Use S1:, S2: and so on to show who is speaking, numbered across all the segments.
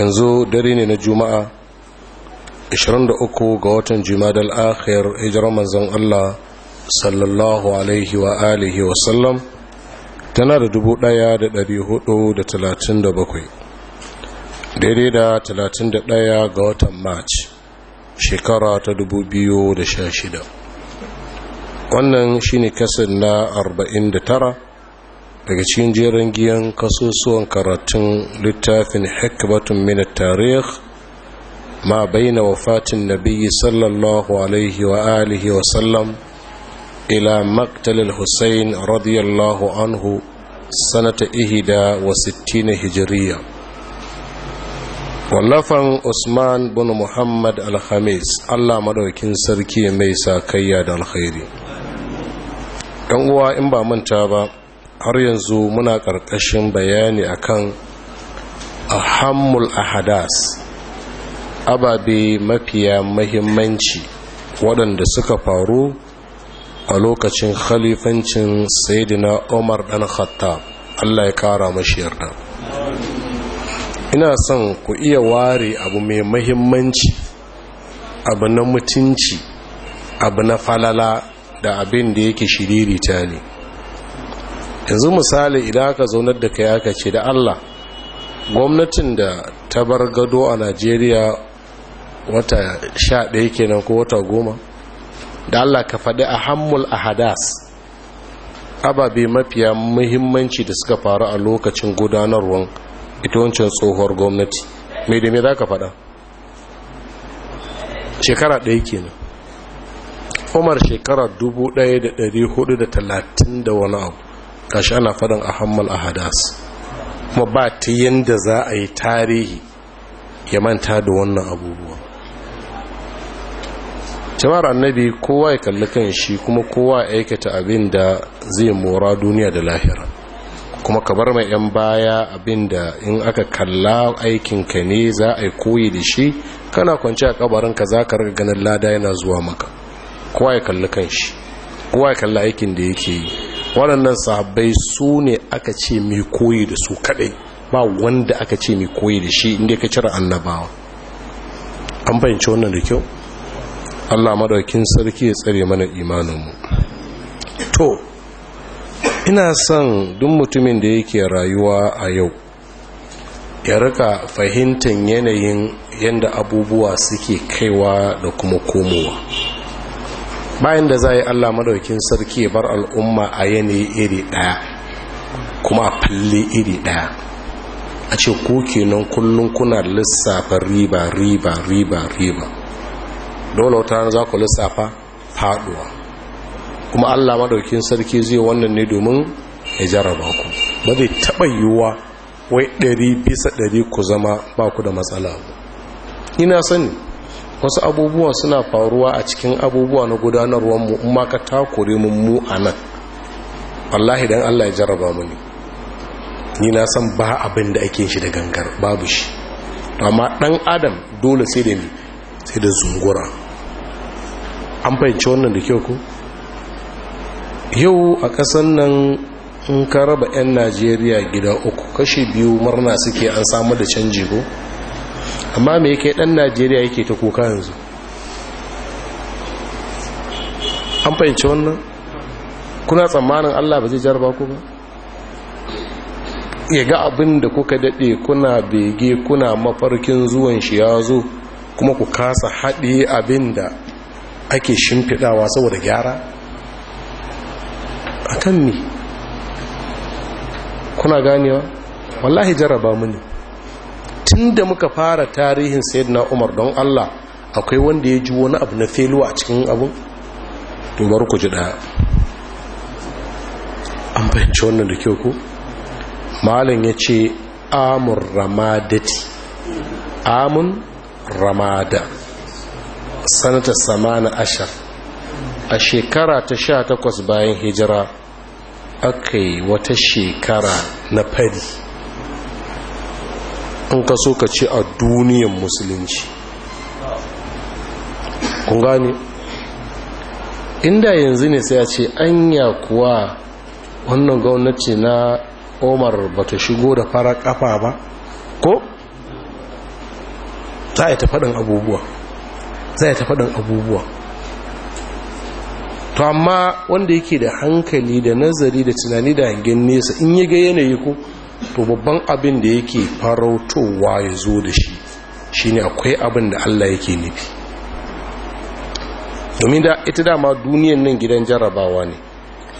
S1: yanzu dare ne na juma'a 23 ga watan jumadal akhir hijirar manzon Allah sallallahu alaihi wa alihi wa sallam tana da 1437 daidai da 31 ga watan march shekara ta 2016 wannan shine kasar na 49 daga cikin jerin giyan kasusuwan karatun littafin hikmatun mina tarih ma baina wafatin nabiyyi sallallahu alaihi wa alihi wa sallam ila maktalil hussain radiyallahu anhu sanata ihida wa sittina hijiriya wallafan usman bin muhammad alhamis allah madaukin sarki mai sakayya da alkhairi ɗan uwa in ba manta ba har yanzu muna ƙarƙashin bayani akan ahammul ahadas ababe mafiya mahimmanci waɗanda suka faru a lokacin khalifancin sayidina umar ɗan khattab allah ya kara mashi yarda ina son ku iya ware abu mai mahimmanci abu na mutunci abu na falala da abin da yake shiriri ta ne yanzu misali idan aka zaunar da ka aka ce da Allah gwamnatin da ta bar gado a Najeriya wata sha ɗaya kenan ko wata goma da Allah ka faɗi a hammul a hadas ababe mafiya muhimmanci da suka faru a lokacin gudanarwar ita wancan tsohuwar gwamnati mai da mai za ka faɗa shekara ɗaya kenan umar shekara 1430 da wani abu kashi ana faɗin a hammal a hadas kuma ba ta yadda za a yi tarihi ya manta da wannan abubuwa jama'ar annabi kowa ya kalli kan shi kuma kowa ya aikata abin da zai mora duniya da lahira kuma ka bar mai 'yan baya abin da in aka kalla aikinka ne za a yi koyi da shi kana kwanci a kabarinka za ka rika ganin lada yana zuwa maka kowa ya kalli kan shi kowa ya kalli aikin da yake yi waɗannan sahabbai su ne aka ce mai koyi da su kaɗai ba wanda aka ce mai koyi da shi inda ka cire annabawa an fahimci wannan da kyau allah madaukin sarki ya tsare mana imaninmu to ina son duk mutumin da yake rayuwa a yau ya rika fahimtar yanayin yadda abubuwa suke kaiwa da kuma komowa bayan da za yi allah madaukin sarki bar al'umma a yanayi iri ɗaya kuma a falle iri ɗaya a ce koke kenan kullum kuna lissafa riba riba riba riba dole wata za ku lissafa faduwa kuma allah madaukin sarki zai wannan ne domin ya jaraba ku ba zai taɓa yiwuwa wai ɗari bisa ɗari ku zama ba ku da matsala ina sani wasu abubuwa suna faruwa a cikin abubuwa na gudanarwarmu in ma ka takure mu mu a nan wallahi dan Allah ya jarraba mu ne ni na san ba abin da ake shi da gangar babu shi amma dan adam dole sai da sai da zungura an fahimci wannan da kyau ko yau a kasan nan in ka raba 'yan najeriya gida uku kashi biyu murna suke an samu da canji ko amma me kai dan najeriya yake ta kuka yanzu an fahimci wannan kuna tsammanin allah ba zai jarba ku ba ya ga abin da kuka daɗe kuna bege kuna mafarkin zuwan shi ya zo kuma ku kasa haɗe abin da ake shimfiɗawa saboda gyara a kan ni kuna ganewa wallahi jaraba mini tun da muka fara tarihin sayyidina umar don allah akwai wanda ya ji wani abu na feluwa a cikin abu. dubar ku ji daya an fahimci wannan da kyau ku malin ya ce amur ramadati amun ramada sanata samana ashar a shekara ta sha takwas bayan hijira aka yi wata shekara na fari an kaso so ka ce a duniyan musulunci kun gani inda yanzu ne sai a ce anya kuwa wannan gwamnati na omar ba ta shigo da fara kafa ba ko za a yi ta abubuwa za a yi tafaɗin abubuwa to amma wanda yake da hankali da nazari da tunani da hangen nesa in yi ga yanayi ko to babban abin da yake farautowa ya zo da shi shine akwai abin da Allah yake nufi domin da ita dama duniyan nan gidan jarabawa ne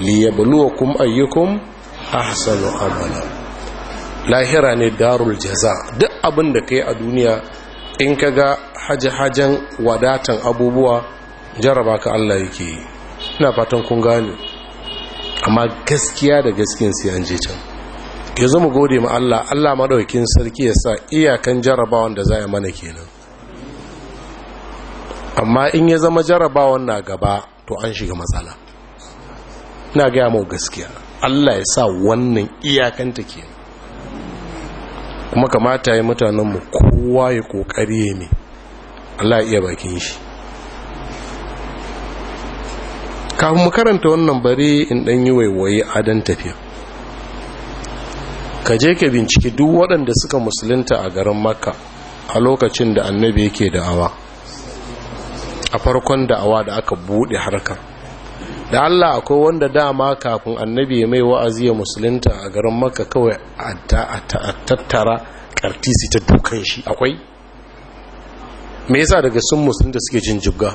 S1: liyabluwakum ayyukum ahsanu amala lahira ne darul jaza duk abin da kai a duniya in kaga haje-hajen wadatan abubuwa jaraba ka Allah yake yi ina fatan kun gane amma gaskiya da gaskiyan sai an je can Ya zama gode ma Allah Allah madaukin sarki ya sa iyakan jarabawan da za a mana kenan amma in ya zama jarabawan na gaba to an shiga matsala na gaya mu gaskiya Allah ya sa wannan iyakanta kenan kuma kamata ya mutanenmu kowa ya kokari ya ne Allah iya bakin shi kafin mu karanta wannan bari in ɗan yi waiwaye adon tafiya ka je ka binciki duk waɗanda suka musulunta a garin makka a lokacin da annabi yake da'awa a farkon da'awa da aka buɗe harkar da Allah akwai wanda dama kafin annabi ya mai wa'azi ya musulunta a garin makka kawai a tattara ƙartisi ta dukan shi akwai me yasa daga sun musulunta suke jin jibga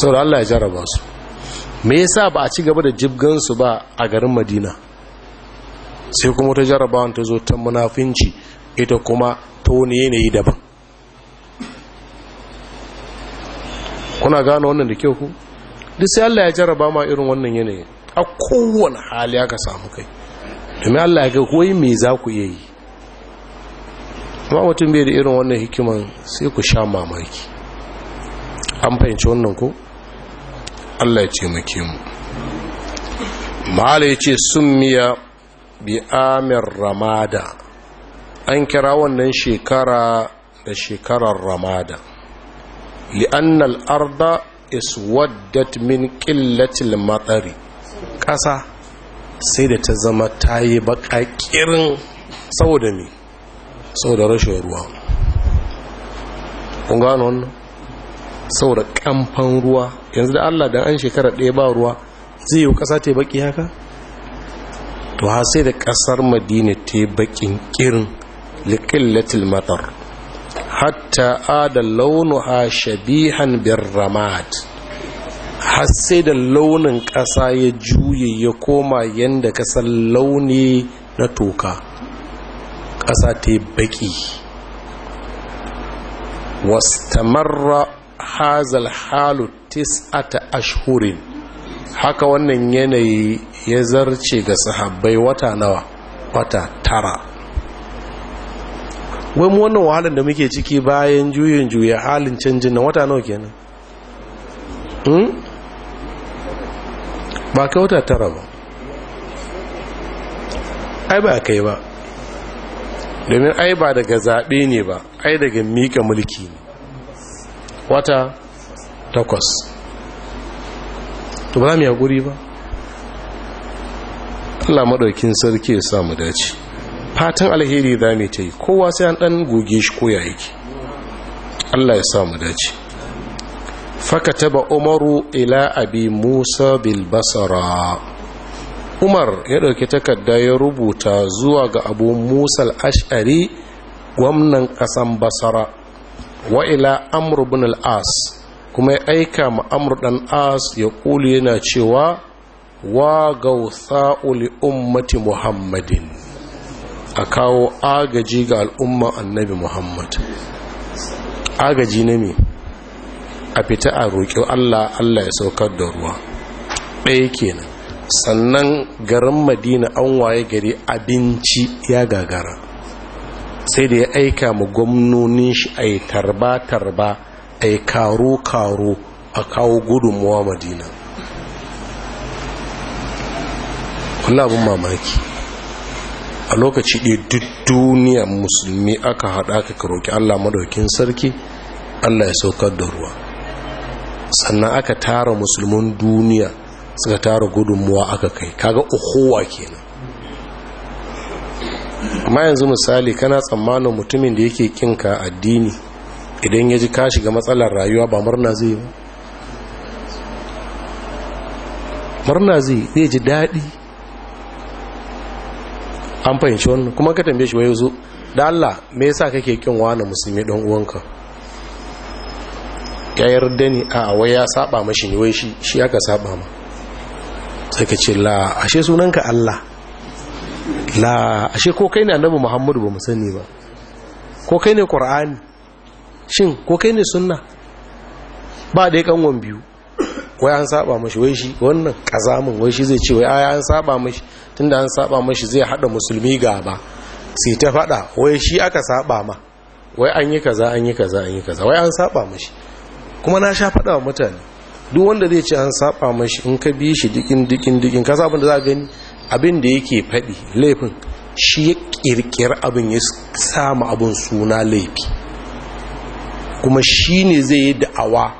S1: sau da Allah ya jarraba su me yasa ba a ci gaba da jibgansu ba a garin madina sai kuma ta jarabawan ta zo ta munafinci ita kuma ta wani yanayi daban kuna gano wannan da kyau ku duk sai Allah ya jaraba ma irin wannan yanayi a kowane hali aka samu kai domin Allah ya ga yi me za ku iya yi amma mutum bai da irin wannan hikiman sai ku sha mamaki an fahimci wannan ko Allah ya taimake mu mahala yace summiya bi amir ramada an kira wannan shekara da shekarar ramada li'anna al-arda iswaddat min ƙillatil matsari ƙasa sai da ta zama ta yi baƙaƙirin saboda mi saboda rashin ruwa kun wannan saboda kamfan ruwa yanzu da Allah dan an shekara ɗaya ba ruwa zai yi ƙasa ta baki haka to ha sai da ƙasar madina ta bakin kirin liqillatil matar hatta ada launu ha shabihan ramad har sai da launin ƙasa ya juye ya koma yadda ka launi na toka ƙasa ta baki baƙi wastamarra hazal halu tis'ata ashhurin haka wannan yanayi ya zarce ga sahabbai wata nawa wata tara wai mu wannan wahalar da muke ciki bayan juyin juya halin canjin na wata nawa kenan hmm? ba kai wata tara ba ai ba kai ba domin ai ba daga zaɓe ne ba ai daga mika mulki ne wata takwas to ba mu yaƙuri ba Allah maɗaukin sarki ya samu dace fatan alheri za mu ta yi kowa sai an ɗan goge shi ko ya yake Allah ya samu dace fakataba umaru ila abi musa Basara, umar ya ɗauki takarda ya rubuta zuwa ga abu musa al'ashari gwamnan ƙasan basara wa ila amru ibn al-as kuma ya aika ma amru dan as ya kulu yana cewa wa gautha li ummati muhammadin a kawo agaji ga al'umma annabi muhammad agaji na mi a fita a roƙi allah allah ya saukar da ruwa ɗaya kenan sannan garin madina an waye gari abinci ya gagara sai da ya aika mu gwamnonin shi a yi tarba-tarba a yi karo-karo a kawo gudunmuwa madina wani abin mamaki a lokaci ɗaya duk duniya musulmi aka haɗa aka karoki allah madaukin sarki allah ya saukar da ruwa sannan aka tara musulmin duniya suka tara gudunmuwa aka kai kaga uhuwa kenan amma yanzu misali kana tsammanin mutumin da yake kinka addini idan ya ji kashi ga matsalar rayuwa ba murna zai ba murna zai zai ji daɗi an fahimci wannan kuma ka tambaye shi wai zo da Allah me yasa kake kin wani musulmi dan uwanka ya yarda ni a wai ya saba mashi ne wai shi shi aka saba ma sai ka ce la ashe sunanka Allah la ashe ko kai ne annabi muhammadu ba mu sani ba ko kai ne qur'ani shin ko kai ne sunna ba dai kanwon biyu wai an saba mashi wai shi wannan kazamin wai shi zai ce wai aya an saba mashi tunda an saba mashi zai hada musulmi gaba sai ta fada wai shi aka saba ma wai an yi kaza an yi kaza an yi kaza wai an saba mashi kuma na sha fada wa mutane duk wanda zai ce an saba mashi in ka bi shi dikin dikin dikin ka abin da za a gani abin da yake faɗi laifin shi ya ƙirƙiri abin ya samu abin suna laifi kuma shi ne zai yi da'awa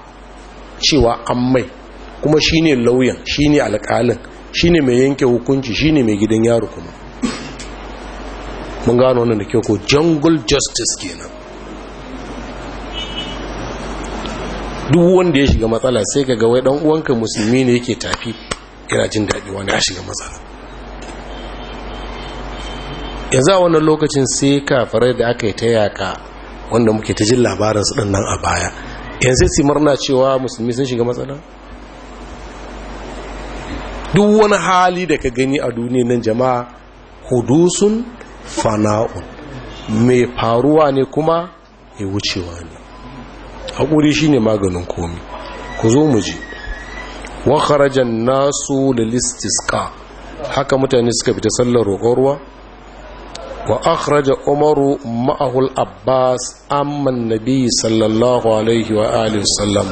S1: cewa an mai kuma shi ne lauyan shi ne alƙalin shi ne mai yanke hukunci shi ne mai gidan yaro kuma mun gano wannan da kyau ko jungle justice kenan duk wanda ya shiga matsala sai ka ga wai dan uwanka musulmi ne yake tafi yana jin daɗi wanda ya shiga matsala yanzu a wannan lokacin sai farai da aka yi ta yaka wanda muke ta jin labarin su nan a baya yanzu su murna cewa musulmi sun shiga matsala duk wani hali da ka gani a duniya nan jama'a hudusun fana'un mai faruwa ne kuma ya wucewa ne haƙuri shi ne maganin komi ku zo mu ji wakarajen nasu da listiska haka mutane suka fita sallar roƙon ruwa wa akhraja umaru ma'ahul abbas amman nabi sallallahu alaihi wa alihi sallam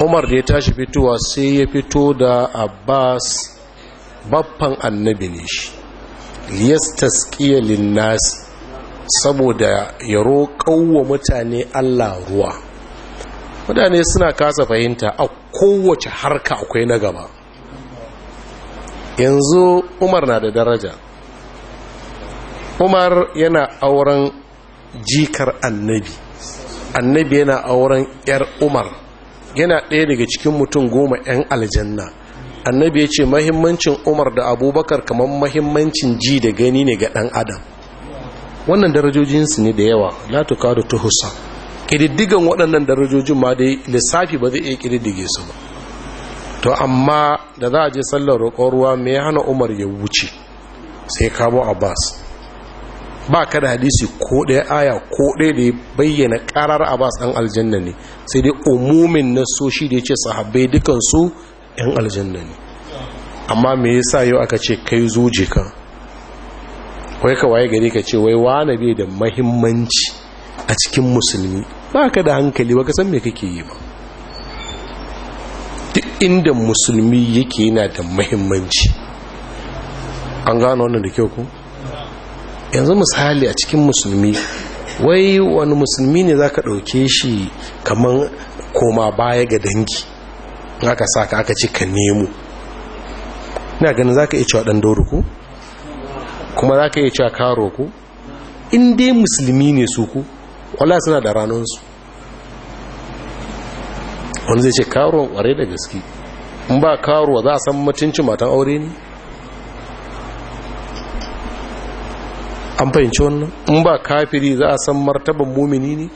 S1: umar da ya tashi fitowa sai ya fito da abbas babban annabi ne shi yastasqiya saboda ya roƙawa mutane Allah ruwa mutane suna kasa fahimta a kowace harka akwai na gaba yanzu umar na da daraja umar yana auren jikar annabi annabi yana auren yar umar yana ɗaya daga cikin mutum goma 'yan aljanna annabi ya ce mahimmancin umar da abubakar kamar mahimmancin ji da gani ne ga ɗan adam wannan darajojinsu ne da yawa latuka da tuhusa ƙididdigan waɗannan darajojin ma dai lissafi ba zai iya ƙididdige su ba to amma da za a je sallar roƙon ruwa mai hana umar ya wuce sai kabo abbas ba ka da hadisi ko ɗaya aya ko ɗaya da ya bayyana ƙarar abbas ɗan aljanna ne sai dai umumin nasoshi da ya ce sahabbai dukansu ɗan aljanna ne amma me yasa yau aka ce kai zo ka? wai ka waye gari ka ce wai wane bai da mahimmanci a cikin musulmi ba ka da hankali ba ka san me kake yi ba duk inda musulmi yake yana da mahimmanci an gano wannan da kyau ko. yanzu misali a cikin musulmi wai wani musulmi ne za ka ɗauke shi kamar koma baya ga dangi aka sa ka aka ce ka nemo na ganin za ka iya cewa ɗan doro ku kuma za ka iya cewa karo ku in musulmi ne su ku wala suna da ranonsu wani zai ce karo kware da gaske in ba karuwa za a san mutuncin matan aure ne an fahimci wannan in ba kafiri za a san martaban mumini ne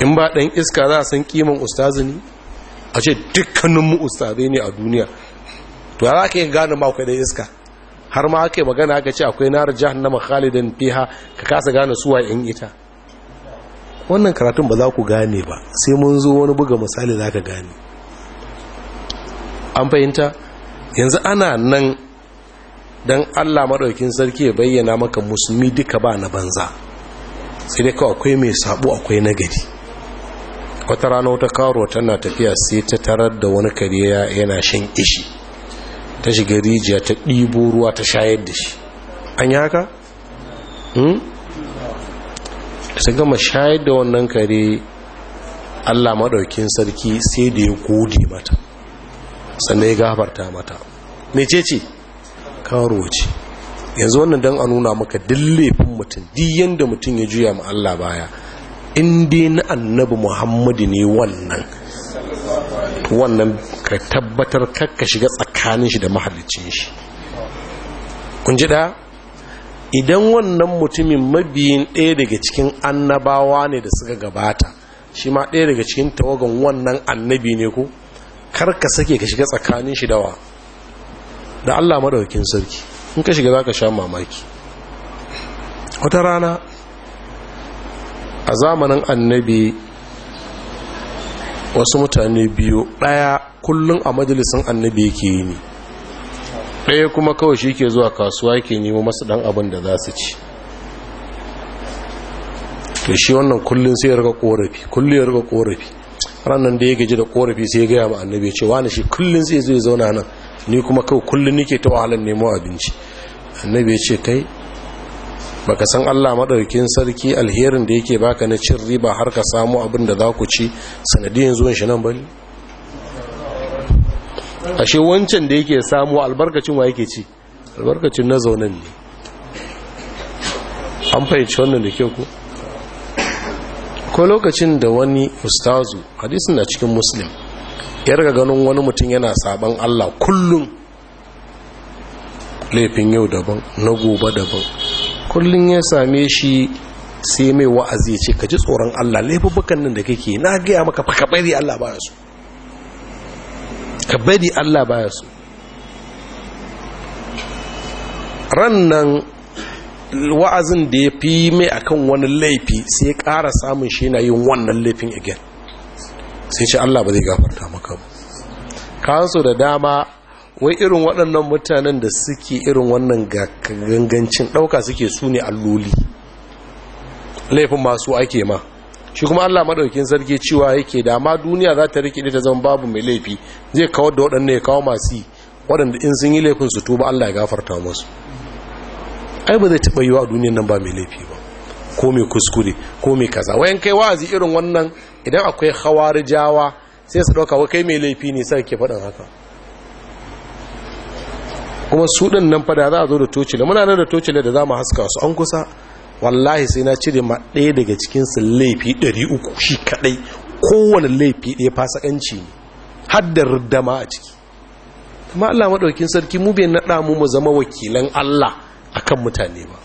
S1: in ba ɗan iska za a san kiman ustazi ne a ce dukkanin mu ustazai ne a duniya to ya za ka yi gane mako akwai ɗan iska har ma aka yi magana aka ce akwai nar na khalidan fiha ka kasa gane suwa yan ita wannan karatun ba za ku gane ba sai mun zo wani buga misali za ka gane an fahimta yanzu ana nan don allah maɗaukin sarki ya bayyana maka musulmi duka ba na banza sai dai kawai akwai mai sabo akwai nagari wata rana wata karo tana tafiya sai ta tarar da wani kare yana shan ishi ta shiga rijiya ta ɗibo ruwa ta shayar da shi an yi haka? Hmm? ta gama shayar da wannan kare allah maɗaukin sarki sai da ya gode mata sannan ya gafarta mata mecece? ce karo ce yanzu wannan don a nuna maka dillefin mutum diyan da mutum ya juya ma Allah baya inda na annabi muhammadu ne wannan wannan ka tabbatar kakka shiga tsakanin shi da mahallicin shi kun ji da idan wannan mutumin mabiyin ɗaya daga cikin annabawa ne da suka gabata shi ma ɗaya daga cikin tawagan wannan annabi ne ko karka sake ka shiga tsakanin shi dawa da Allah madaukin sarki in ka shiga za ka sha mamaki wata rana a zamanin annabi wasu mutane biyu ɗaya kullum a majalisun annabi yake yi ne ɗaya kuma kawai shi ke zuwa kasuwa yake nemo masu ɗan abin da za su ci Da shi wannan kullum sai ya rika korafi kullum ya rika korafi ranar da ya gaji da korafi sai ya gaya ma annabi cewa na shi kullum sai zai zauna nan ni kuma kawai kullum nike ta wahalar nemo abinci annabi ya ce kai baka san Allah maɗaukin sarki alherin da yake baka na cin riba har ka samu abin da za ku ci sanadiyan zuwan shi nan bane ashe wancan da yake samu albarkacin wa yake ci albarkacin na zaunan ne an fahimci wannan da kyau ku? ko lokacin da wani ustazu hadisin na cikin muslim ka ganin wani mutum yana saban Allah kullum laifin yau daban na gobe daban kullum ya same shi sai mai wa'azi ce ka ji tsoron Allah bukan nan da kake na gaya maka ka bari Allah baya su ka bari Allah ba su rannan wa'azin da ya fi mai akan wani laifi sai ya ƙara samun shi yana yin wannan laifin again sai ce Allah ba zai gafarta maka ba kansu da dama wai irin waɗannan mutanen da suke irin wannan gangancin ɗauka suke su ne alloli laifin masu ake ma shi kuma Allah maɗaukin sarki cewa yake da ma duniya za ta rikide ta zama babu mai laifi zai kawar da waɗannan ya kawo masu yi waɗanda in sun yi laifin su tuba Allah ya gafarta musu ai ba zai taɓa yiwa duniyan nan ba mai laifi ba ko mai kuskure ko mai kaza wayan kai wa'azi irin wannan idan akwai jawa sai su ɗauka wakai mai laifi ne sai ke faɗin haka kuma su ɗin nan fada za a zo da tocile muna nan da tocile da za mu haska su an kusa wallahi sai na cire ma ɗaya daga cikinsu laifi 300 shi kaɗai kowane laifi ɗaya fasakanci ne haddar dama a ciki kuma Allah maɗaukin sarki mu bai naɗa mu mu zama wakilan Allah akan mutane ba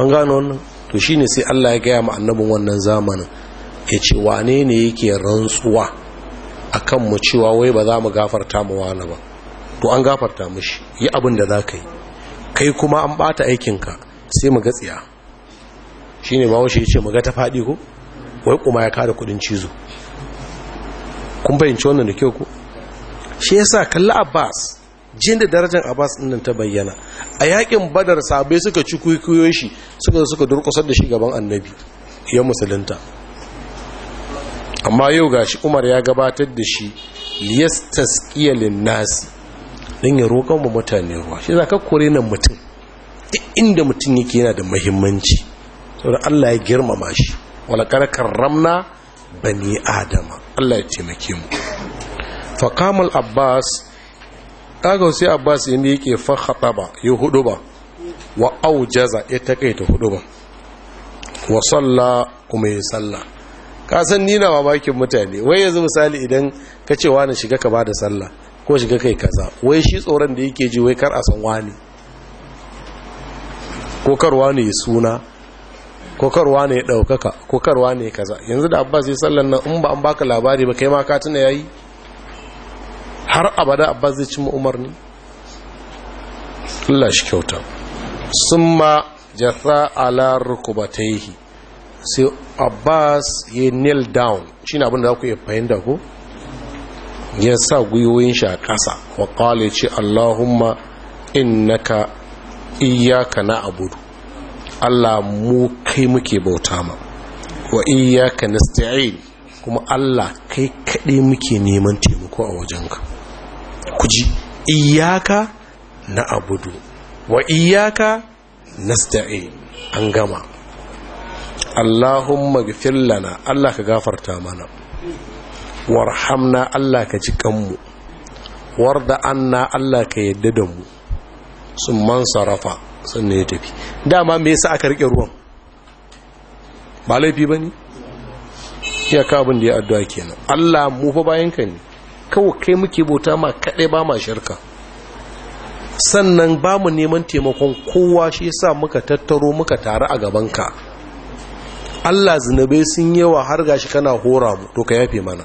S1: an gano wannan to shine sai Allah ya gaya ma annabin wannan zamanin ya ce wane ne yake rantsuwa akan mu cewa wai ba za mu gafarta mu wani ba to an gafarta mushi yi abin da za ka yi kai kuma an bata aikinka sai mu gatsiya shine ba ya ce mu ga ta fadi ko wai kuma ya kada kudin cizo kun fahimci wannan da kyau ko shi yasa kalli Abbas jin da darajar abbas ɗin ta bayyana a yakin badar sabai suka ci kuikuyo shi suka suka durkusar da shi gaban annabi ya musulunta amma yau gashi umar ya gabatar da shi liyas taskiya linnasi don ya roƙon mu mutane ruwa shi za ka kore nan mutum inda mutum yake yana da muhimmanci saboda allah ya girmama shi walakar ramna bani adama allah ya taimake mu fakamul abbas kaga sai abbas ya yake fa khataba ya hudu ba wa aujaza ya takaita hudu ba wa salla kuma ya salla ka san nina mamakin mutane wai yanzu misali idan ka ce wani shiga ka bada sallah ko shiga kai kaza wai shi tsoron da yake ji wai kar a san wani ko kar wani ya suna ko kar wani ya ɗaukaka ko kar wani ya kaza yanzu da abbas ya sallan nan in ba an baka labari ba kai ma ka tuna yayi har abada abbas zai cimma umarni Allah shi kyauta sun ma jatha ala rukubataihi sai abbas ya nail down shi na abinda za ku iya fahimta ko ya sa gwiwoyin shi a ƙasa wa ƙwale ce allahumma innaka iyaka na abudu allah mu kai muke bauta ma wa iyaka nasta'in kuma allah kai kaɗai muke neman taimako a wajenka ku ji iyaka na abudu wa iyaka nasta'in an gama allahun gafir lana Allah ka gafarta mana warhamna Allah ka ji kanmu warda anna Allah ka yadda da mu sun man sarrafa sannan ya tafi dama me yasa aka rike ruwan ba laifi ba ne? iyaka abin da ya addu'a kenan Allah mu fa bayan ka ne kawai kai muke bauta ma kaɗai ba ma shirka sannan ba mu neman taimakon kowa shi sa muka tattaro muka tare a gaban ka. Allah zinabe sun yawa har gashi kana hora mu to ka yafe mana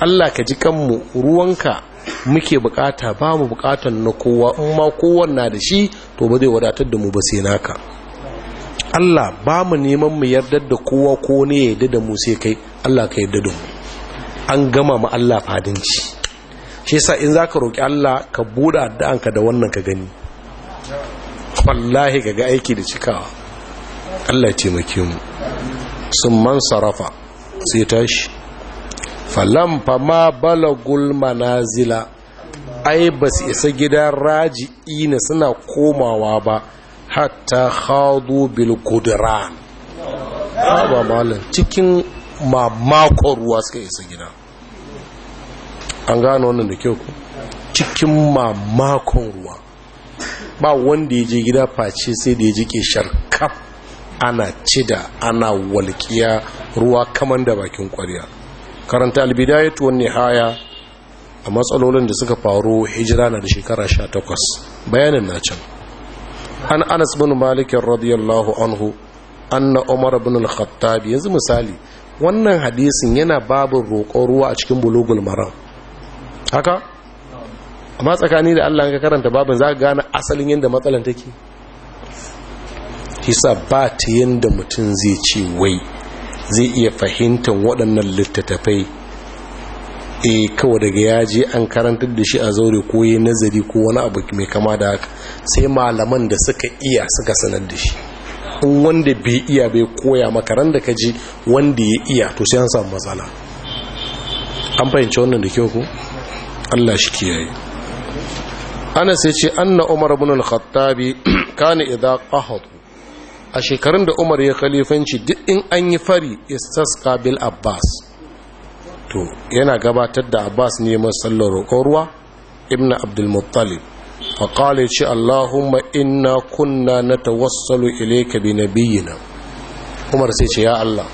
S1: Allah ka ji kanmu ruwanka muke bukata ba mu bukatan na kowa in ma na da shi to ba zai wadatar da mu ba sai naka Allah ba mu neman mu yardar da kowa ko ne ya yarda da mu sai kai Allah ka yarda da mu an gama ma Allah fadinci shi yasa in zaka roki Allah ka bude addu'anka da wannan ka gani wallahi ga aiki da cikawa Allah ya taimake mu sun man sarafa sai tashi falam fama balagul manazila ai ba su isa gidan raji'i na suna komawa ba hatta khadu bil qudran ba malin cikin mamakon ruwa suka isa gida an gano wannan da kyau cikin mamakon ruwa ba wanda ya je gida face sai da ya ji kishar kaf ana cida ana walƙiya ruwa kaman da bakin ƙwarya karanta tuwon ne haya a matsalolin da suka faru hijira na da shekara sha 18 bayanin na can an anas bin malikin radiyallahu anhu anna umar bin al Khattabi yanzu misali wannan hadisin yana babin roƙon ruwa a cikin bulugul maram haka amma tsakani da Allah ga karanta babin za ka gane asalin yadda matsalan take hisa ba ta yadda mutum zai ce wai zai iya fahimtar waɗannan littattafai e kawai daga yaji an karantar da shi a zaure ko yi nazari ko wani abu mai kama da haka sai malaman da suka iya suka sanar da shi Kun wanda bai iya bai koya makaran da ka ji wanda ya iya to sai an samu matsala an fahimci wannan da kyau ku Allah shi kiyaye ana sai ce anna umar ibn al-khattabi kana idza qahad a shekarun da umar ya khalifanci duk in an yi fari istasqa bil abbas to yana gabatar da abbas ne masallar roƙon ruwa ibn abdul muttalib faƙali ce allahumma inna kunna na tawassalu ilaika bi nabiyina umar sai ce ya allah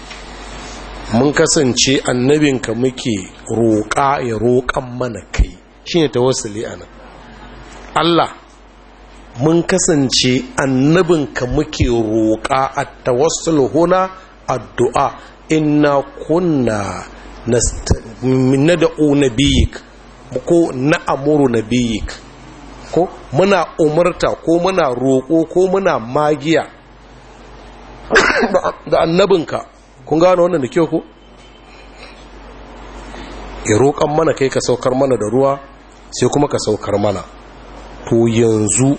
S1: mun kasance annabinka muke roƙa ya roƙan mana kai shine tawassuli anan allah mun kasance annabinka muke roƙa a tawassul huna addu'a inna kunna na nada'u nabiyik ko na na'amuru nabiyik ko muna umarta ko muna roƙo ko muna magiya da annabinka kun gano wannan da kyau ko ya roƙon mana kai ka saukar mana da ruwa sai kuma ka saukar mana to yanzu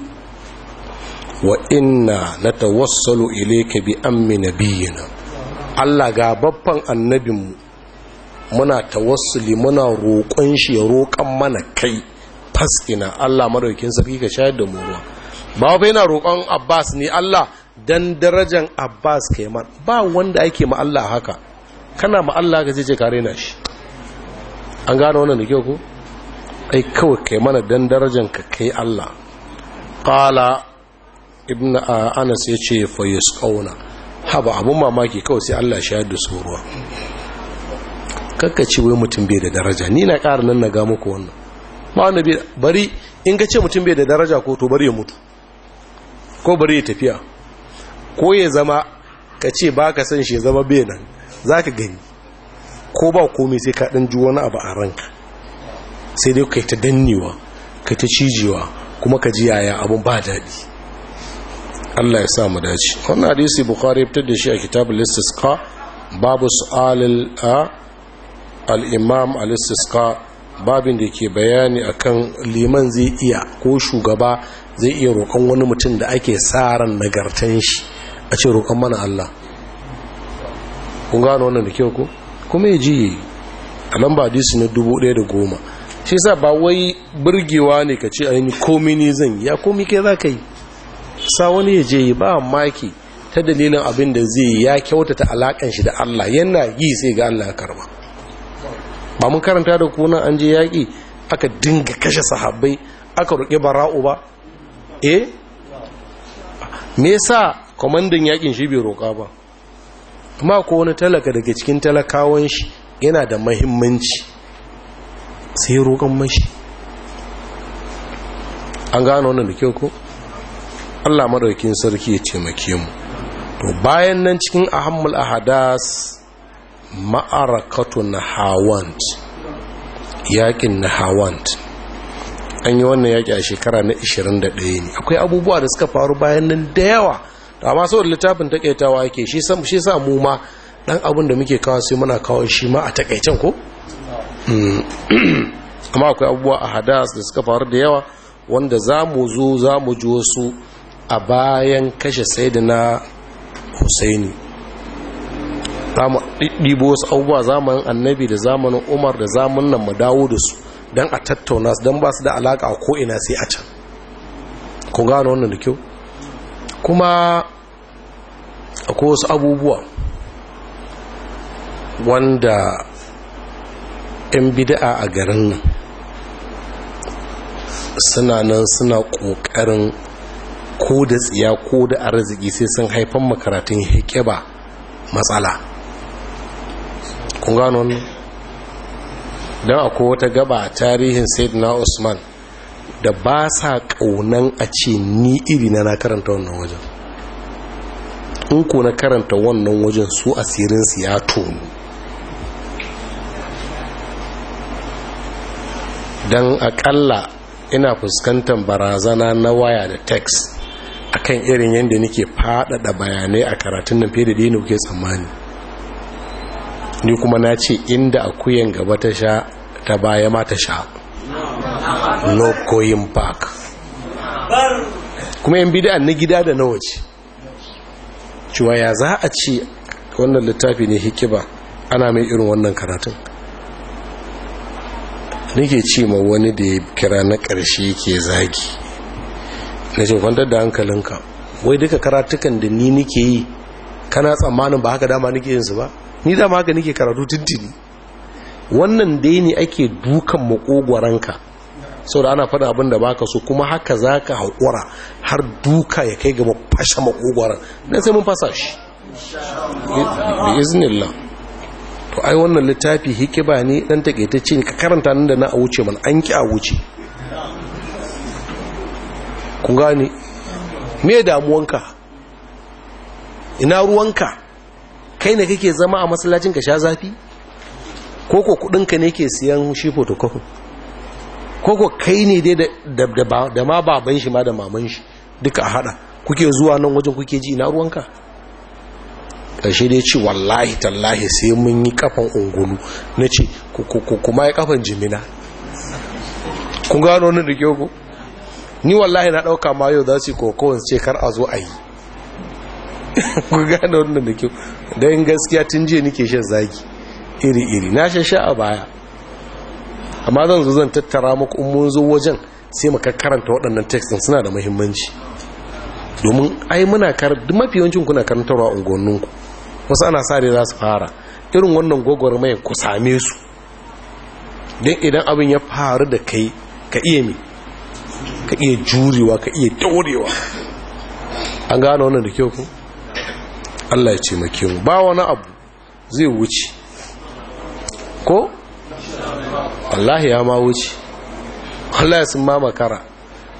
S1: wa inna na tawassalu ilaika bi Amina nabiyina Allah ga babban annabinmu muna tawassuli muna roƙon shi ya roƙon mana kai fasqina Allah madaukin sarki ka shayar da mu ruwa ba bai yana roƙon Abbas ne Allah dan darajan Abbas ka yi ba wanda ake ma Allah haka kana ma Allah ka je kare na shi an gano wannan da kyau ko ai kawai ka mana dan darajan ka kai Allah qala ibn anas ya ce fayus ƙauna haba abin mamaki kawai sai allah shayar da su ruwa kakkaci wai mutum bai da daraja ni na ƙara nan na ga muku wannan ma bari in ka ce mutum bai da daraja ko to bari ya mutu ko bari ya tafiya ko ya zama ka ce ba ka san shi ya zama bai nan za ka gani ko ba komai sai ka ɗan ji wani abu a ranka sai dai ka yi ta dannewa ka ta cijewa kuma ka ji yaya abin ba daɗi Allah ya sa mu dace wannan hadisi bukhari fitar da shi a kitabul ka babu su'alil a al-imam al-istisqa babin da ke bayani a kan liman zai iya ko shugaba zai iya roƙon wani mutum da ake tsaran nagartan shi a ce roƙon mana Allah kun gano wannan da kyau ko kuma ya ji a lamba disu na dubu ɗaya da goma shi sa ba wai burgewa ne ka ce ainihin komi ne zan ya komi ke za ka yi sa wani ya je yi ba maki ta dalilin abin da zai ya kyautata alakan shi da Allah yana yi sai ga Allah ya karba ba mun karanta da kuna an je yaƙi aka dinga kashe sahabbai aka roƙi bara'u ba eh me yasa kwamandan yaƙin shi bai roƙa ba amma ko wani talaka daga cikin talakawan shi yana da mahimmanci sai roƙon mashi an gano wannan da kyau ko Allah madaukakin sarki ya ce mu to bayan nan cikin ahammul ahadas ma'arakatu na hawant yakin hawant an yi wannan yaki a shekara na 21 ne akwai abubuwa da suka faru bayan nan da yawa amma saboda littafin takaitawa yake shi sa mu ma ɗan abin da muke kawo sai muna kawo shi ma a takaicen ko hmm. amma akwai abubuwa a hadas da suka faru da yawa wanda za mu zo za mu ji wasu a bayan kashe na Hussaini. za ɗiɗɗibo wasu abubuwa zamanin annabi da zamanin umar da zamanin mu dawo da su don a tattauna su don ba su da alaka a ko'ina sai a can ku gano wannan da kyau kuma akwai wasu abubuwa wanda 'yan bida'a a garin nan suna nan suna ƙoƙarin ko da tsiya ko da arziki sai sun haifan makaratun heke ba matsala kun gano wannan don akwai wata gaba a tarihin sayyidina usman da ba sa ƙaunan a ce ni iri na na karanta wannan wajen in ko na karanta wannan wajen su asirinsu ya tonu don akalla ina fuskantar barazana na waya da text akan irin yadda nake faɗaɗa bayanai a karatun nan fiye da dino kuke tsammani ni kuma na ce inda akuyan gaba ta sha ta baya ma ta sha no going back kuma yan bid'a na gida da na waje cewa ya za a ce wannan littafi ne hikiba ana mai irin wannan karatun nake ce ma wani da ya kira na ƙarshe ke zagi na ce kwantar da hankalinka wai duka karatukan da ni nake yi kana tsammanin ba haka dama nake yin su ba ni da maka ke karatu tintini wannan dai ne ake dukan makogwaranka sau da ana faɗa abin da baka so kuma haka za ka haƙura har duka ya kai gaba fashe makogwaran don sai mun fasa shi da iznillah to ai wannan littafi hikiba ne ta takaitacce ne ka karanta nan da na a wuce man an ki a wuce ku gane me damuwanka ina ruwanka kai ne kake zama a masallacin ka sha zafi ko ko kudinka ne ke siyan shi photocopy ko ko kai ne dai da ma baban shi ma da maman shi duka a hada kuke zuwa nan wajen kuke ji na ruwanka ƙarshe dai ci, wallahi tallahi sai mun yi kafan ungulu na ce kuma ya kafan jimina kun gano wani da ni wallahi na ɗauka ma yau za su yi kokowar ce kar a zo a yi ku gane wannan da kyau don gaskiya tun jiya nike shan zaki iri-iri na shan sha a baya amma zan zo zan tattara muku in zo wajen sai maka karanta waɗannan tekstin suna da muhimmanci domin ai muna karanta mafi yawancin kuna karantarwa unguwanninku wasu ana sa da za su fara irin wannan mai ku same su don idan abin ya faru da kai ka iya mi ka iya jurewa ka iya daurewa an gano wannan da kyau ku Allah ya ce makin ba wani abu zai wuce ko Allah ya ma wuce Allah ya sun ma makara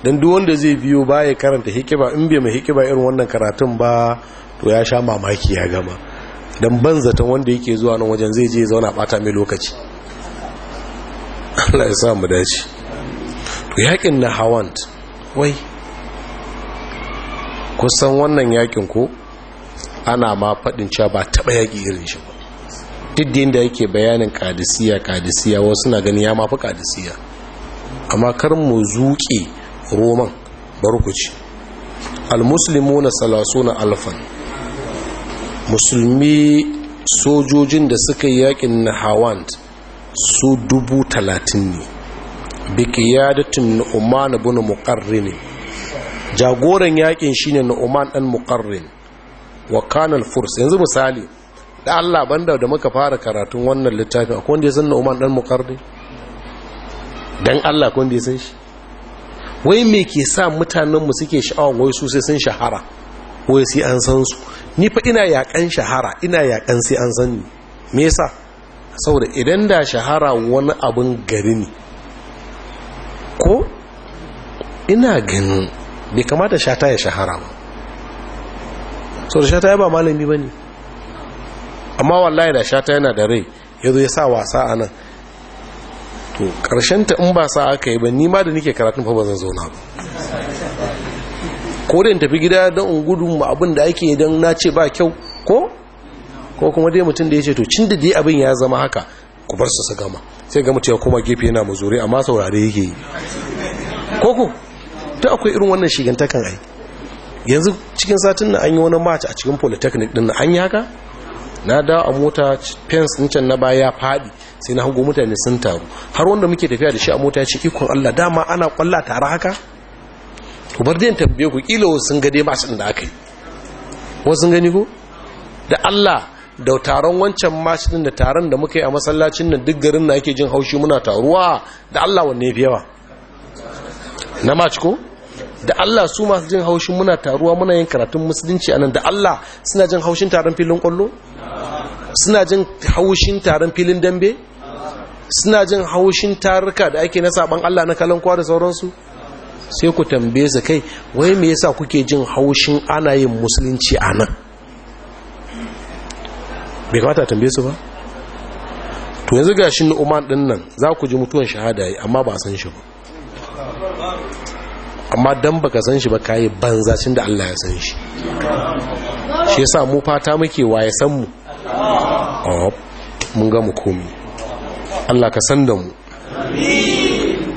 S1: don duk wanda zai biyo ba ya karanta hikiba in bai mai hikiba irin wannan karatun ba to ya sha mamaki ya gama don banzatan wanda yake zuwa nan wajen zai je zauna bata mai lokaci Allah ya sa mu dace to yakin na hawant wai kusan wannan yakin ko ana ma faɗin cewa ba taɓa yaƙi irin shi ba duk da yadda yake bayanin kadisiya kadisiya wasu na gani ya mafi kadisiya amma kar mu zuƙe roman barkuci almuslimu na salasu na alfan musulmi sojojin da suka yi yaƙin na hawant su dubu talatin ne ya na umar na bunu muƙarri ne jagoran yaƙin shine na umar ɗan muƙarri wa kanal furs yanzu misali da Allah banda da muka fara karatun wannan littafin akwai wanda ya san Umar dan Muqarri dan Allah ko wanda ya san shi wai me ke sa mutanen mu suke sha'awan wai su sai sun shahara wai sai an san su ni fa ina yakan shahara ina yakan sai an san ni me yasa saboda idan da shahara wani abin gari ne ko ina ganin bai kamata shata ya shahara ba so da shata ya ba malami ba ne amma wallahi da shata yana da rai ya zo ya sa wasa a nan to ta in ba sa aka yi ba ni ma da nike karatun fa ba zan zauna ba ko da in tafi gida don in ma abin da ake don na ce ba kyau ko ko kuma dai mutum da ya ce to cin da dai abin ya zama haka ku bar su su gama sai ga mutum ya gefe yana mazuri amma saurare yake yi ko ku ta akwai irin wannan shigantakan ai yanzu cikin satin na an yi wani match a cikin polytechnic din an yi haka na dawo a mota fens nican na baya faɗi sai na hango mutane sun taru har wanda muke tafiya da shi a mota ce ikon Allah dama ana kwalla tare haka to bar dai tambaye ku kila wasu sun ga dai da aka yi wasu sun gani ko da Allah da taron wancan match din da taron da muka yi a masallacin nan duk garin na ake jin haushi muna taruwa da Allah wanne ya fi yawa na match ko da Allah su masu jin haushin muna taruwa muna yin karatun musulunci anan da Allah suna jin haushin taron filin kwallo suna jin haushin taron filin dambe suna jin haushin taruka da ake na saban Allah na kalan kwa da sauransu sai ku tambaye su kai wai me yasa kuke jin haushin ana yin musulunci anan bai kamata tambaye su ba to yanzu gashin shi Nu'man din za ku ji mutuwan shahada yi amma ba san shi ba amma dan baka san shi ba kai banza da Allah ya san shi shi yasa mu fata muke waye san mu mun ga mu komi Allah ka san da mu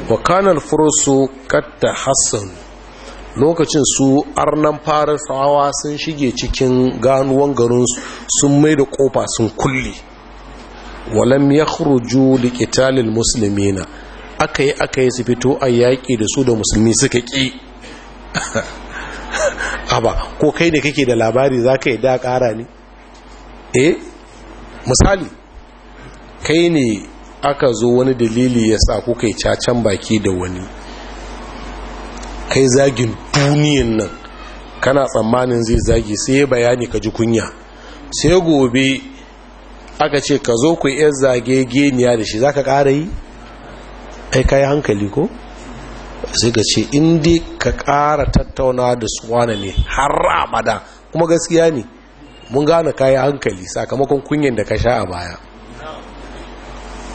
S1: wa kana furusu katta hassan lokacin su arnan farisawa sun shige cikin ganuwan garin sun mai da kofa sun kulle walam yakhruju liqitalil muslimina aka yi aka yi su fito a yaƙi da su da musulmi suka ƙi haba ko kai da kake da labari za ka yi da ƙara ne eh misali kai ne aka zo wani dalili ya sa ku kai cacan baki da wani kai zagin duniyan nan kana tsammanin zai zagi sai ya bayani ka ji kunya sai gobe aka ce ka zo ku yi zage geniya da shi za ka ƙara yi ai ka yi hankali ko sai ka ce indi ka ƙara tattauna da suwana ne har abada kuma gaskiya ne mun gane kayan hankali sakamakon kunyan da ka sha a baya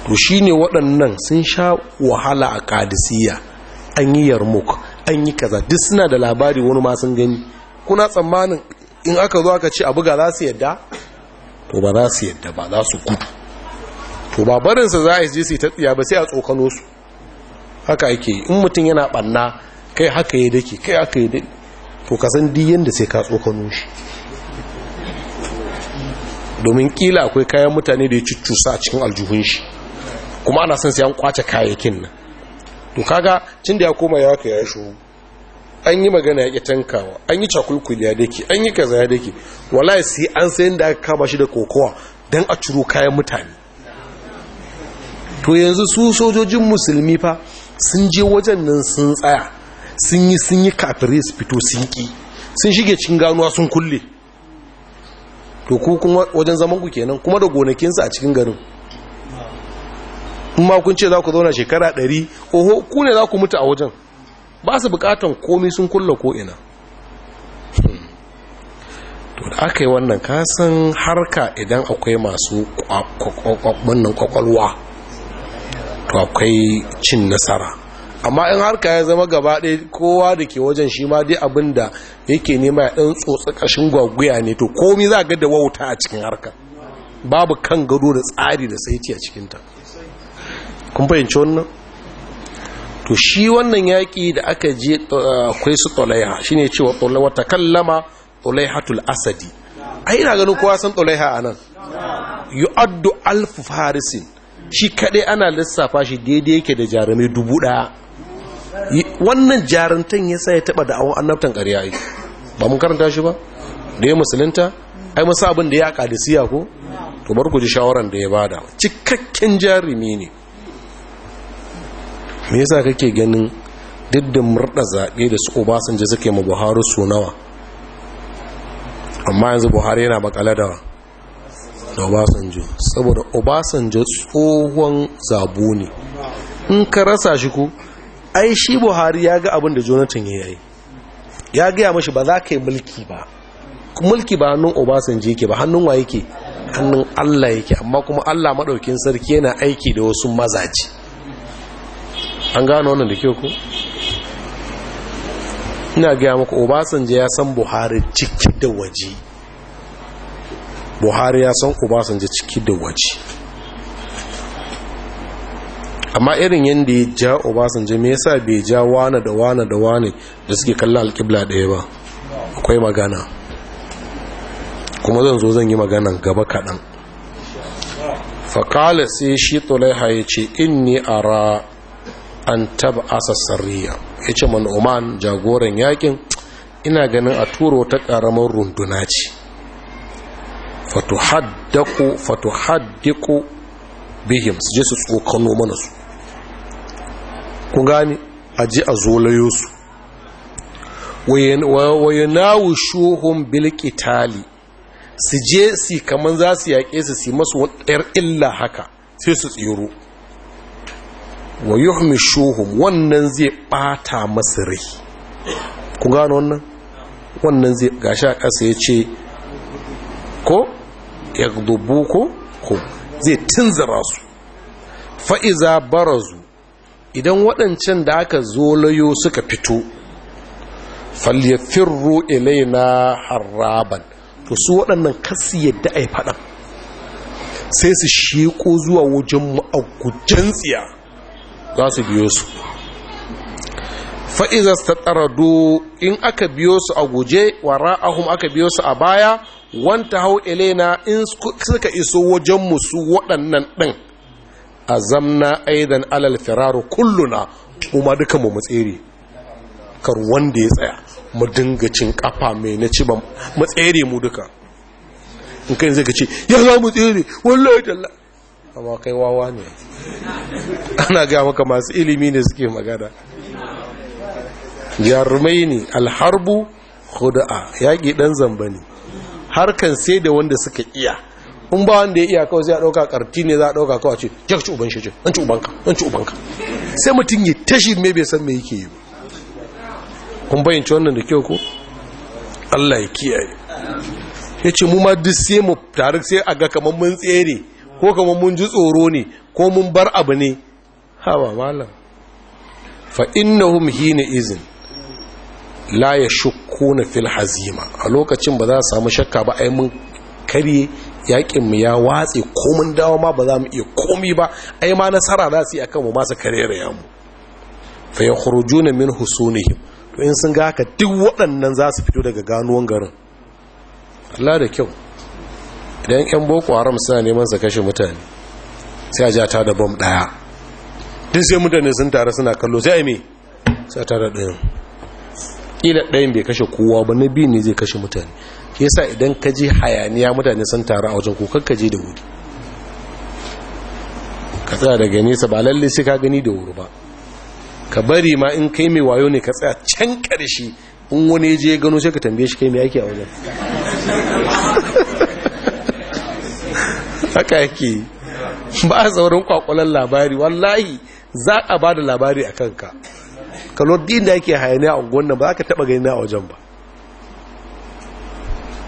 S1: to shi ne waɗannan sun sha wahala a kadisiya an yi yarmuk an yi kaza duk suna da labari wani ma gani kuna tsammanin in aka zo aka ce abu ga za su yadda to ba za su yadda ba za su gudu to ba za a yi je ta tsiya ba sai a tsokano su haka ake yi in mutum yana banna kai haka ya dake kai haka ya dake to ka san diyan da sai ka tsokano shi domin kila akwai kayan mutane da ya cuccusa a cikin aljuhun shi kuma ana son sai an kwace kayayyakin nan to kaga da ya koma ya haka ya shigo an yi magana ya tankawa an yi cakulkuli ya dake an yi kaza ya dake wallahi sai an sayin da aka kama shi da kokowa dan a ciro kayan mutane to yanzu su sojojin musulmi fa sun je wajen nan sun tsaya sun yi sun yi su fito sun ki sun shige cikin ganuwa sun kulle to ku kuma wajen zaman ku kenan kuma da gonakinsu a cikin garin kuma kun ce za ku zauna shekara ɗari oho ku ne za ku mutu a wajen ba su bukatan komi sun kulla ko'ina to da aka yi wannan kasan harka idan akwai masu kwakwalwa akwai cin nasara amma in harka ya zama gaba ɗaya kowa da ke wajen shi ma dai abin da yake nema ya ɗan tsotsa ƙashin gwagwuya ne to komi za ga da wauta a cikin harka babu kan gado da tsari da saiti a cikinta kun fahimci wannan to shi wannan yaƙi da aka je eh, akwai su tsolaiha shi ne cewa wata kallama tsolaihatul asadi a na ganin kowa san tsolaiha a nan yu'addu alfu farisin shi kaɗai ana lissafa shi daidai yake da jarumi dubu ɗaya wannan jarumtan ya sa ya taɓa da awon annabtan ƙarya yi ba mun karanta shi ba da ya musulunta ai masu abin da ya siya ko to bar ku ji shawaran da ya bada cikakken jarumi ne me yasa kake ganin duk da murda zaɓe da su obasanjo suke ma buhari su nawa amma yanzu buhari yana makale da da obasanjo saboda obasanjo tsohon zabo ne in ka rasa shi ku ai shi buhari ya ga abin da jonathan ya yi ya gaya mashi ba za ka yi mulki ba mulki ba hannun obasanjo yake ba hannun wa yake hannun allah yake amma kuma allah maɗaukin sarki yana aiki da wasu mazaji an gano wannan da kyau ku ina gaya maka obasanjo ya san buhari cikin da waje buhari ya san obasanjo ciki da waje amma irin yadda ya ja obasanjo me yasa bai ja wane da wane da wane da suke kalla alkibla ɗaya ba akwai magana kuma zan zo zan yi magana gaba kaɗan Fakale sai shi tsulaiha ya ce inni ara an taba asa ya ce man jagoran yakin ina ganin a turo ta ƙaramin runduna ce fatuhaddaku fatuhaddiku bihim su je su tsokano mana su ku gani a ji a zolayo su wayanawu shuhun bilkitali su je si kamar za su yaƙe su si masu ɗar illa haka sai su tsiro wa yuhmi shuhun wannan zai ɓata masu rai ku gano wannan wannan zai gashi a ƙasa ya ce ko yaghdubukum zai tunzura su fa'iza barazu idan waɗancan da aka zolayo suka fito falyafirru ilaina haraban to su waɗannan kasu yadda a faɗan sai su sheko zuwa wajen ma'agujen tsiya za su biyo su fa'iza su in aka biyo su a guje wa ra'ahun aka biyo su a baya wanta hau elena in suka iso wajen musu waɗannan ɗin a zamna aidan alal firaru kulluna kuma duka mu matsere kar wanda ya tsaya mu dinga cin kafa mai na ci ba matsere mu duka in kai zai kace ya za mu tsere wallahi talla amma kai wawa ne ana ga maka masu ilimi ne suke magana jarumai alharbu hudu'a yaƙi ɗan zamba ne harkan sai da wanda suka iya in ba wanda ya iya kawai zai a ɗauka ƙarti ne za a ɗauka kawai ce ya ci uban shi an ci ubanka an ci ubanka sai mutum ya tashi mai bai san mai yake yi kun bayyance wannan da kyau ko allah ya kiyaye ya ce mu ma duk sai mu tarik sai a ga kamar mun tsere ko kamar mun ji tsoro ne ko mun bar abu ne hawa malam fa innahum hina izin la ya shukku na fil a lokacin ba za a samu shakka ba ai mun karye yakin mu ya watse ko mun dawo ma ba za mu iya komai ba ai ma nasara za su yi akan mu masu karere ya mu fa yakhrujuna min husunihim to in sun ga haka duk waɗannan za su fito daga ganuwan garin Allah da kyau idan yan boko haram suna neman su kashe mutane sai a ja ta da bom daya duk sai mutane sun tare suna kallo sai a yi me sai ta da ɗayan kila ɗayan bai kashe kowa ba na biyu ne zai kashe mutane ke sa idan ka je hayaniya mutane sun taru a wajen kokar ka je da wuri ka tsaya daga nesa ba lalle sai ka gani da wuri ba ka bari ma in kai mai wayo ne ka tsaya can karshe in wani je gano sai ka tambaye shi kai mai yake a wajen haka yake ba a saurin kwakwalan labari wallahi za a ba da labari a kanka kalor din da yake hayaniya a unguwan nan ba ka taba gani na a wajen ba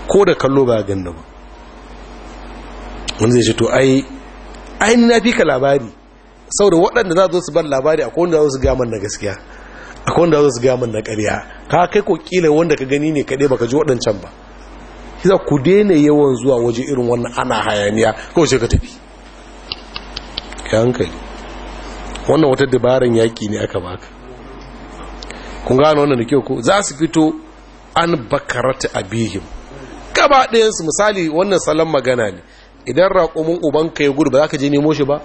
S1: ko da kallo ba ganin ba wanda zai ce to ai ai na fi ka labari saboda waɗanda za zo su bar labari akwai wanda za su gaman na gaskiya akwai wanda za su gaman na ƙarya ka kai ko kila wanda ka gani ne kaɗai ka ji waɗancan ba kisa ku daina yawan zuwa waje irin wannan ana hayaniya kawai ce ka tafi ka hankali wannan wata dabaran yaƙi ne aka baka kun gano wannan da kyau ko za su fito an bakarata abihim gaba ɗayansu misali wannan salon magana ne idan raƙumin ubanka ya gudu ba za ka je nemo shi ba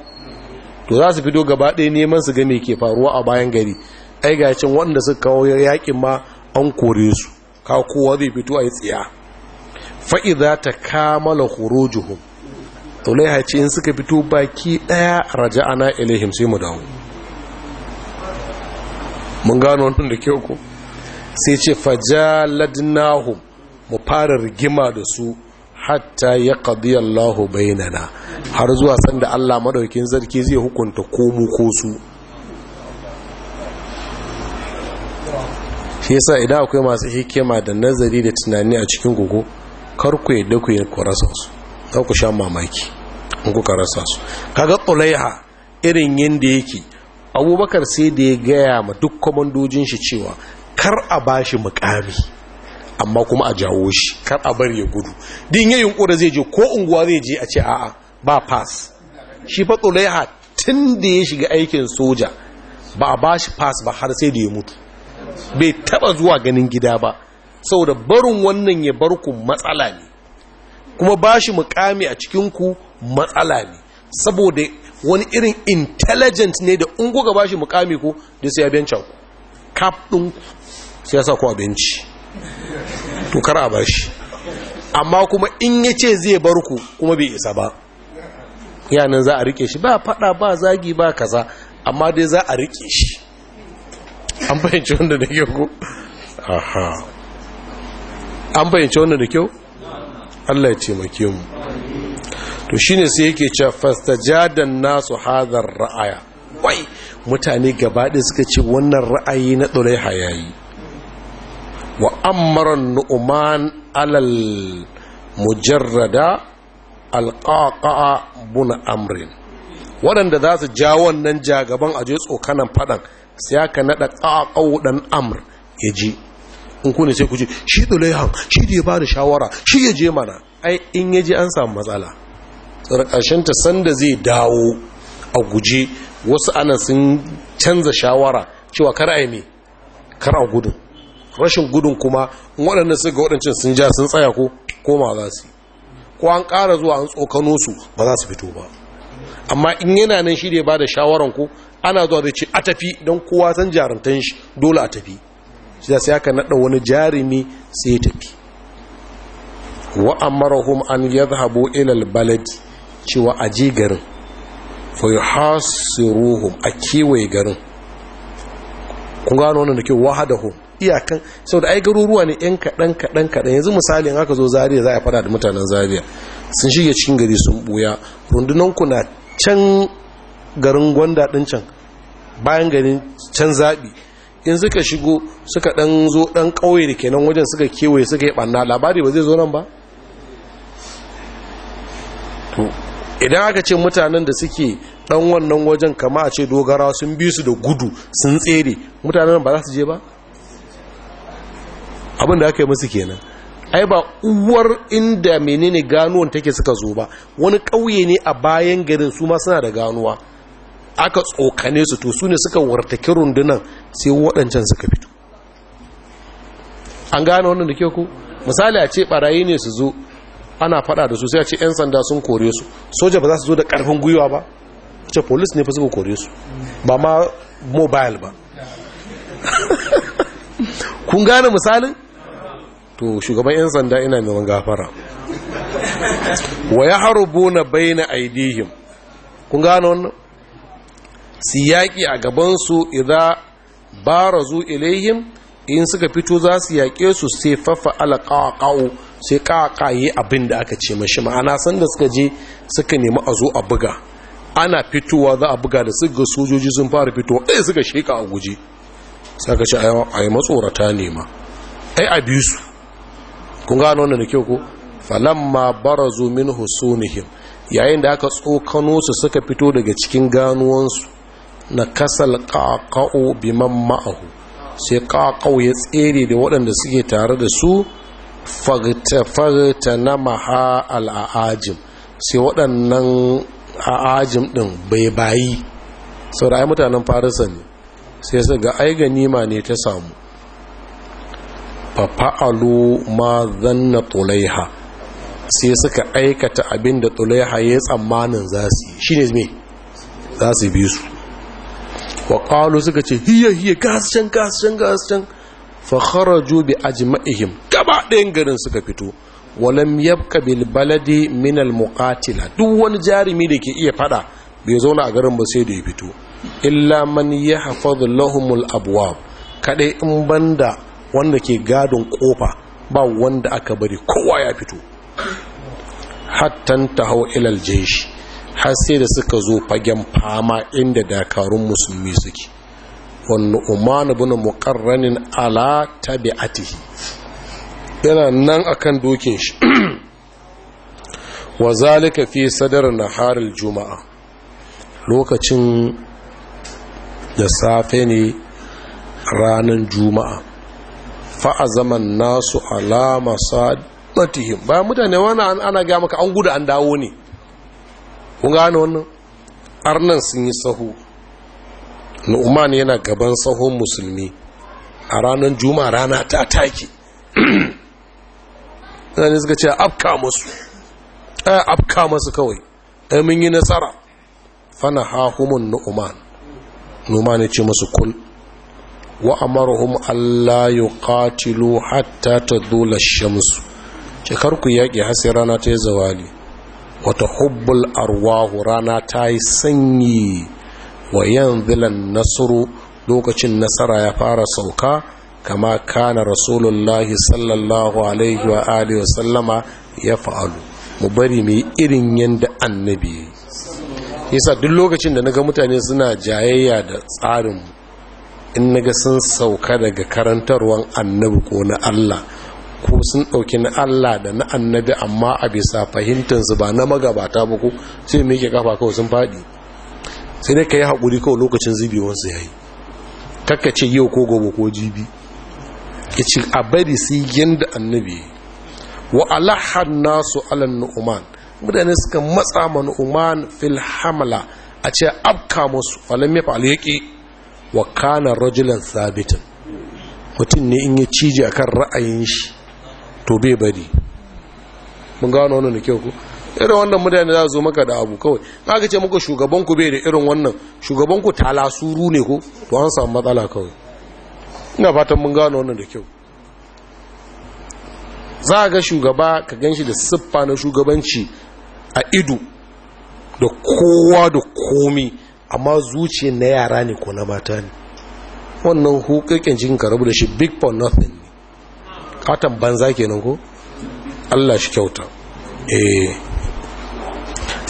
S1: to za su fito gaba ɗaya neman su game ke faruwa a bayan gari ai ga cin wanda suka kawo yaƙin ma an kore su ka kowa zai fito a yi tsiya fa'iza ta kamala horojuhun to laihaci in suka fito baki ɗaya raja'ana ilihim sai mu dawo mun gano wannan da kyau ku sai ce fajaladnahu mu fara rigima da su hatta ya qadi Allahu bainana har zuwa sanda Allah madaukin zarki zai hukunta ko mu ko su shi yasa idan akwai masu hikima da nazari da tunani a cikin gugu kar ku yadda ku yi rasa su za ku sha mamaki in ku rasa su kaga tsulaiha irin yadda yake abubakar sai da ya gaya ma duk kwamandojin shi cewa kar a ba shi mukami amma kuma a jawo shi kar a bari ya gudu din yayin kura zai je ko unguwa zai je a ce a'a ba pass shi fa tsulaiha tun da ya shiga aikin soja ba a ba shi pass ba har sai da ya mutu bai taba zuwa ganin gida ba saboda barin wannan ya bar ku matsala ne kuma ba shi mukami a cikin ku matsala ne saboda wani irin intelligent ne da in kuka bashi mukami ko da sai abincin ku kaf din sai sa ku a benci to kar a bashi amma kuma in ya ce zai bar ku kuma bai isa ba yanan za a rike shi ba fada ba zagi ba kaza amma dai za a rike shi an fahimci wanda da kyau ko aha an fahimci wanda da kyau Allah ya ce mu to shine sai yake cewa fastajadan nasu hadar ra'aya wai mutane gabaɗe suka ce wannan ra'ayi na ɗulaiha yayi wa ammaran nu'man alal mujarrada alƙaƙa'a buna amrin waɗanda za su ja wannan jagaban a je tsokanan faɗan sai aka naɗa ƙaƙau ɗan amr ya ji in ku sai ku ji shi ɗulaihan shi da ya ba da shawara shi ya je mana ai in ya ji an samu matsala ƙarƙashinta sanda zai dawo a guje wasu ana sun canza shawara cewa kar a yi mai kar a gudun rashin gudun kuma waɗanda suka waɗancan sun ja sun tsaya ko koma za su ko an ƙara zuwa an tsokano su ba za su fito ba amma in yana nan shi ne ba da shawaran ko ana zuwa da ce a tafi don kowa san jarumtan shi dole a tafi shi za sai aka naɗa wani jarumi sai ya tafi wa amarahum an habo ilal baladi cewa a je garin ruhu a kewaye garin kun gano wannan da ke wahadahu. iyakan sau da ai garuruwa ne yan kaɗan kaɗan kaɗan yanzu misali in aka zo zariya za a fada da mutanen zariya sun shige cikin gari sun buya rundunan ku na can garin gwanda ɗin can bayan garin can zaɓi in suka shigo suka ɗan zo ɗan ƙauye da kenan wajen suka kewaye suka yi ɓanna labari ba zai zo nan ba idan aka ce mutanen da suke dan wannan wajen kama a ce dogara sun bi su da gudu sun tsere mutanen ba za su je ba abin da aka yi musu kenan ai ba uwar inda menene ganuwan take suka zo ba wani ƙauye ne a bayan garin su ma suna da ganuwa aka tsokane su to su ne suka wartaki rundunan sai waɗancan suka fito an gane wannan da ke ku misali a ce ɓarayi ne su zo ana fada da su sai a ce 'yan sanda sun kore su soja ba za su zo da karfin gwiwa ba ce polis ne fi suka kore su ba ma mobile ba kun gane misalin to shugaban 'yan sanda ina mai gafara wa ya harubu na bayna aidihim kun gane wannan su yaƙi a gabansu idan bara zu ilayhim in suka fito za su yaƙe su sai fafa alaƙaƙa'u sai kakaye abin da aka ce mashi ma'ana sanda suka je suka nemi a zo a buga ana fitowa za a buga da suka sojoji sun fara fitowa ɗaya eh, suka sheka a sa saka ce a yi matsorata nema ai a biyu su kun gano wannan da kyau ko falamma barazu min husunihim yayin da aka tsokano su suka fito daga cikin ganuwansu na kasal qaqa'u biman ma'ahu sai qaqa'u ya tsere da waɗanda suke tare da su farta na maha al'ajim sai waɗannan a'ajim ɗin bai bayi sau da ai mutanen farisa ne sai su ga ai ganima ne ta samu fafa'alu ma zanna tulaiha sai suka aikata abin da tulaiha ya tsammanin za su yi shi ne zai za su bi su wa suka ce hiyar hiya gasashen gasashen gasashen fa kharaju bi ajma'ihim gaba ɗayan garin suka fito walam yabka bil baladi min al muqatila duk wani jarumi da ke iya fada bai zauna a garin ba sai da ya fito illa man yahfaz lahum al abwab kadai in banda wanda ke gadon kofa ba wanda aka bari kowa ya fito hattan tahaw ila al jaysh har sai da suka zo fagen fama inda dakarun musulmi suke wannan umar bin muqarranin ala tabi'atihi yana nan akan dokin shi wa zalika fi sadar naharil juma'a lokacin da safe ne ranar juma'a zaman nasu alama sadatihim Ba mutane wani ana gama maka an gudu an dawo ne kun gane wannan arnan sun yi sahu nu'man yana gaban tsohon musulmi a ranar juma'a rana ta take zane suka ce afka masu. ɗaya eh, afka masu kawai ɗaya eh, mun yi nasara fana hahumun nu'man nu'man ya ce masu kul wa amarahum Allah ya katilu hatta ta dole shamsu cikar ku yaƙi hasi rana ta yi zawali wata hubbul arwahu rana ta yi sanyi wa yanzilan nasru lokacin nasara ya fara sauka kama kana rasulullahi sallallahu alaihi wa alihi wa sallama ya fa'alu mu bari mu irin yanda annabi yasa duk lokacin da naga mutane suna jayayya da tsarin in naga sun sauka daga karantarwan annabi ko na Allah ko sun ɗauki na Allah da na annabi amma a bisa fahimtansu ba na magabata ba ko sai mai ke kafa kawai sun faɗi sai dai ka yi haƙuri kawai lokacin zubewansu ya yi kakka ce yau ko gobe ko jibi ya ce a bari su yadda annabi wa alahan nasu alan nu'uman mutane suka matsa ma nu'uman fil hamala a ce abka musu falam ya fa'al wa kana rajulan sabitin mutum ne in ya cije akan ra'ayin shi to bai bari mun gano wani da kyau ku irin wannan mutane za zo maka da abu kawai aka ce muku shugabanku bai da irin wannan shugabanku talasuru ne ko to an samu matsala kawai ina fatan mun gano wannan da kyau za ga shugaba ka gan shi da siffa na shugabanci a ido da kowa da komi amma zuciya na yara ne ko na mata ne wannan hukakin cikin ka rabu da shi big for nothing ne katon banza kenan ko allah shi kyauta eh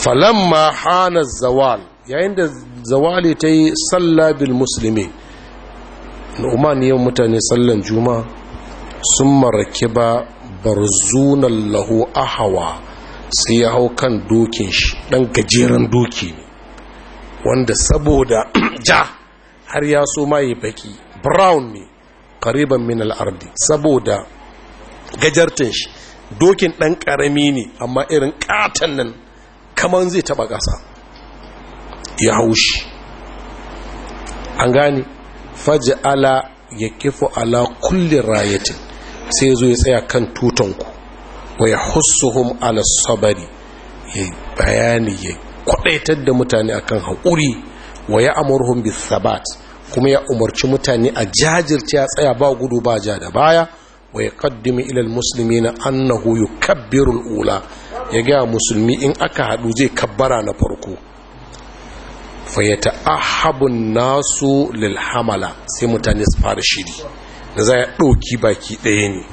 S1: falamma hana zawal yayin da zawali ta yi salla bil musulmi nu'man yau mutane sallan juma'a sun marake ba barzunan lahu ahawa sai ya hau kan dokin shi ɗan gajeren doki ne wanda saboda ja har ya so maye baki brown ne kariban min al'ardi saboda gajartin shi dokin ɗan ƙarami ne amma irin ƙatan kamar zai taba ƙasa ya haushi an gane ala ya kifo ala kullin rayatin sai zo ya tsaya kan tutanku wa ya hussuhum ala sabari ya bayani ya kwadaitar da mutane akan haƙuri wa ya amurhum bi sabat kuma ya umarci mutane a jajirce ya tsaya ba gudu ba ja da baya wa ya kaddimi ilal musulmi na annahu yukabbirul ula ya gaya musulmi in aka haɗu zai kabbara na farko fayyata ahabun nasu lilhamala sai mutane su fara shiri da za ya ɗauki baki ɗaya ne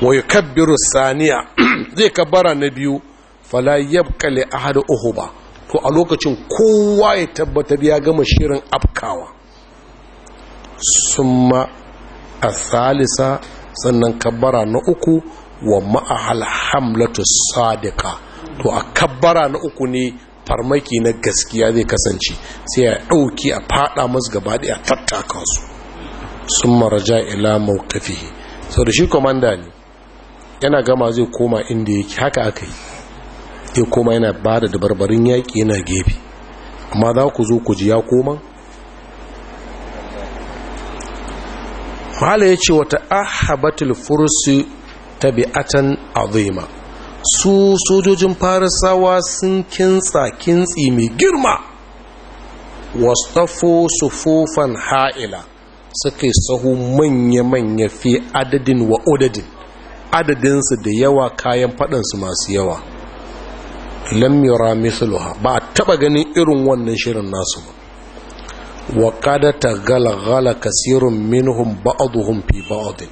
S1: wa ya kabbiru saniya zai kabbara na biyu fala yabkale ahadu uhuba to a lokacin kowa ya tabbatar ya gama shirin afkawa summa a salisa sannan kabbara na uku wa ma'ahal hamlatu sadiqa to a kabbara na uku ne farmaki na gaskiya zai kasance sai a ɗauki a faɗa masu gaba a tattaka su sun maraja ila mawkafihi sau da shi komanda ne yana gama zai koma inda yake haka aka yi ya koma yana ba da dabarbarin yaƙi yana gefe amma za ku zo ku ji ya koma mahala ya ce wata ahabatul Fursi. tabi'atan azima su sojojin farisawa sun kintsa kintsi mai girma wastafo sufufan ha'ila suka yi sahu manya-manya fi adadin wa odadin adadinsu da yawa kayan faɗansu masu yawa lam yura mithluha ba taba ganin irin wannan shirin nasu ba wa gala tagalghala kasirun minhum ba'dhum fi ba'd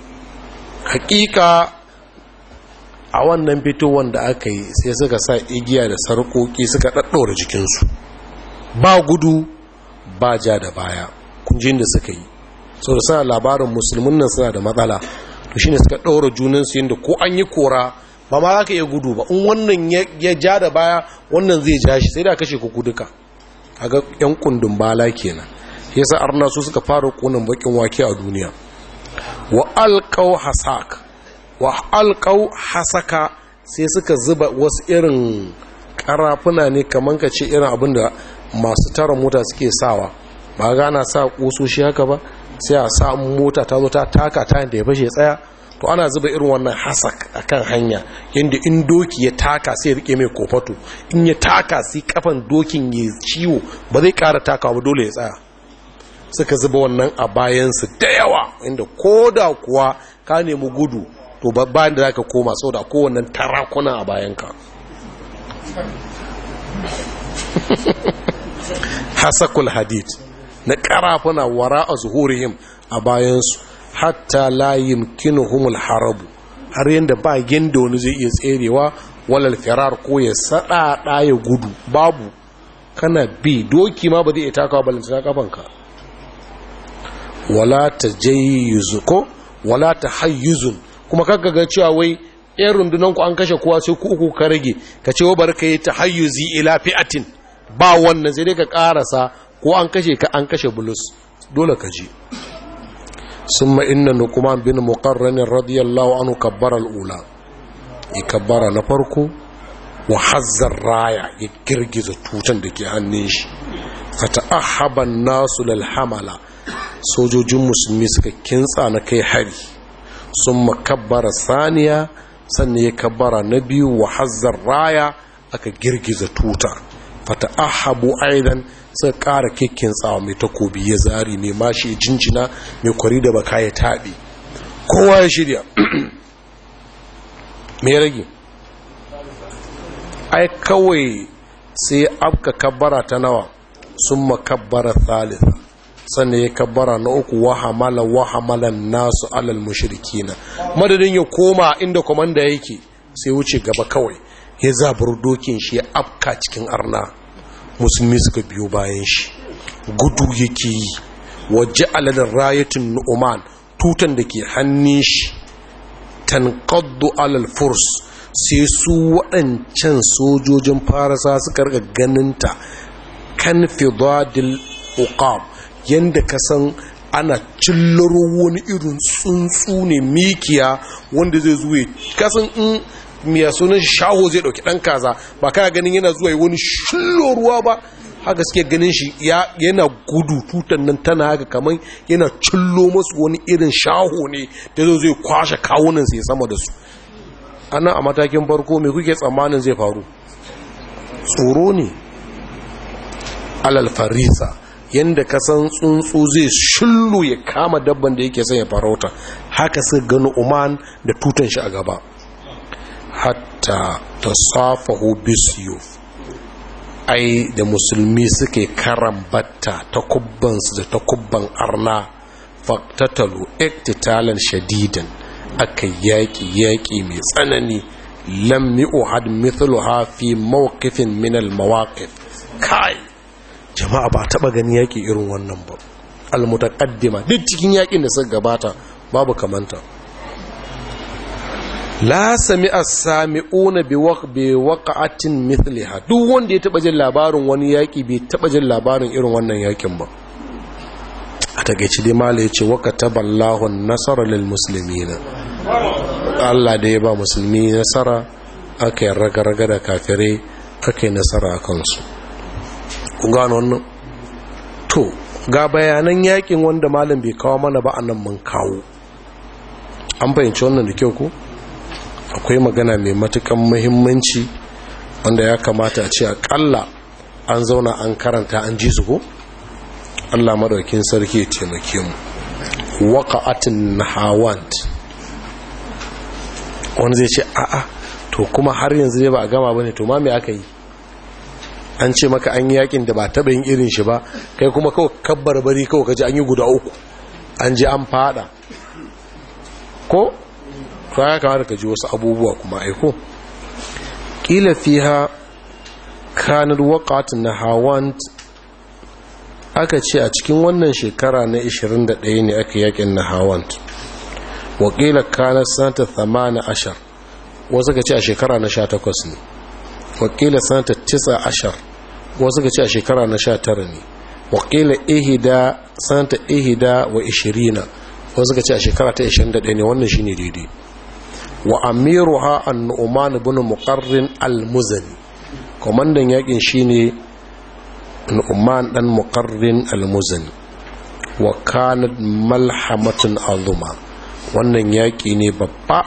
S1: hakika a wannan fitowar da aka yi sai suka sa igiya da sarƙoƙi suka ɗaɗɗora jikinsu ba gudu ba ja da baya kunjin da suka yi sau da suna labarin musulmin nan suna da matsala to ne suka ɗaura junansu yadda ko an yi kora ba ma za ka iya gudu ba in wannan ya ja da baya wannan zai ja shi sai da kashe kuku A ga yan kundin bala kenan yasa arna su suka fara kunan bakin wake a duniya wa alqaw hasak wa alƙau hasaka sai suka zuba wasu irin ƙarafuna ne kamar ka ce irin abin da masu tara mota suke sawa ba gana sa kusoshi haka ba sai a sa mota ta zo ta taka ta da ya fashe tsaya to ana zuba irin wannan hasak a kan hanya yadda in doki ya taka sai rike mai kofato in ya taka sai kafan dokin ya ciwo ba zai kara taka ba dole ya tsaya suka zuba wannan a bayansu da yawa inda ko da kuwa ka nemi gudu to bayan da za ka koma sau da kowannan tarakuna a bayanka hasakul hadid na karafuna wara a zuhurihim a bayansu hatta layin humul harabu har yadda ba yadda wani zai iya tserewa walal firar ko ya saɗaɗa ya gudu babu kana bi doki ma ba zai iya takawa balantana kafanka wala ta yuzu ko wala ta hayyuzun kuma kaga ga cewa wai 'Yan rundunan ku an kashe kowa sai ku uku ka rage ka ce bar ka yi ta hayyuzi ila fi'atin ba wannan sai dai ka ƙarasa ko an kashe ka an kashe bulus dole ka ji sun ma inna nukuman bin muƙarrenin radiyallahu anu kabbarar ula ya kabbara na farko wa hazzar raya ya girgiza tutan da ke hannun shi a ta'ahaban nasu lalhamala sojojin musulmi suka kintsa na kai hari sun makabbara saniya sannan ya kabbara na biyu wa hazzar raya aka girgiza tuta fata ahabu aidan suka ƙara kekin tsawa mai takobi ya zari mai mashi jinjina mai kwari da baka ya taɓi kowa ya shirya mai rage ai kawai sai abka kabbara ta nawa sun makabbara thalitha sanda ya kabbara na uku wahamala wahamalan nasu alal mushrikina madadin ya koma inda komanda yake sai wuce gaba kawai ya zabar dokin shi ya afka cikin arna musulmi suka biyo bayan shi gudu yake yi waje alalin rayatun nu'uman tutan da ke hannun shi tankaddu alal furs sai su waɗancan sojojin farasa suka rika ganinta kan fidadil uqam yadda ka san ana cillaro wani irin tsuntsu ne mikiya wanda zai zuwa kasan in miya sunan shaho zai dauki dan kaza ba kana ganin yana zuwa wani shilloruwa ruwa ba haka suke ganin shi yana gudu tutan nan tana haka kamar yana cillo masu wani irin shaho ne da zai zai kwashe kawunan sai sama da su ana a matakin farko mai kuke tsammanin zai faru tsoro ne alal farisa yadda ka san tsuntsu zai shullu ya kama dabban da yake son ya farauta haka suka gani oman da tutan shi a gaba hatta ta Safa ai da musulmi suke karambatta ta kubbansu da ta kubban arna faktatalu iktitalan shadidan aka yaƙi yaƙi mai tsanani lam mi'u had mithluha fi mawqifin min al kai jama'a ba taba gani yaƙi irin wannan ba almutaqaddima duk cikin yaƙin da suka gabata babu kamanta la sami sami'a sami'una bi waqa'atin mithliha duk wanda ya taba jin labarin wani yaƙi bai taba jin labarin irin wannan yaƙin ba a takeici dai mala yace wa kataballahu an-nasara lil na? Allah da ya ba musulmi nasara aka yi raga-raga da kafirai aka yi nasara a kansu kun gano wannan to ga bayanan yakin wanda malam bai kawo mana ba anan mun kawo an fahimci wannan da kyau ko akwai magana mai matukan muhimmanci wanda ya kamata a ce akalla an zauna an karanta an ji su ko Allah madaukin sarki ya taimake mu na nahawant wanda zai ce a'a to kuma har yanzu ne ba a gama bane to ma me aka yi an ce maka an yi yakin da ba taɓa yin irin shi ba kai kuma kawai kabbar bari kawai kaji an yi guda uku an je an fada ko to ya kamata ka wasu abubuwa kuma aiko kila fiha kanar na nahawant aka ce a cikin wannan shekara na 21 ne aka yakin nahawant wakila kanar sanata ashar wasu ka ce a shekara na 18 ne wakila sanata tisa ashar wasu ka ce a shekara na sha tara ne wakila ihida sanata ihida wa ishirina wasu ka ce a shekara ta ishirin da ɗaya ne wannan shine daidai wa amiru ha an nu'uman ibn muqarrin al-muzani komandan yakin shine nu'uman dan muqarrin al-muzani wa kanat malhamatun azuma wannan yaki ne babba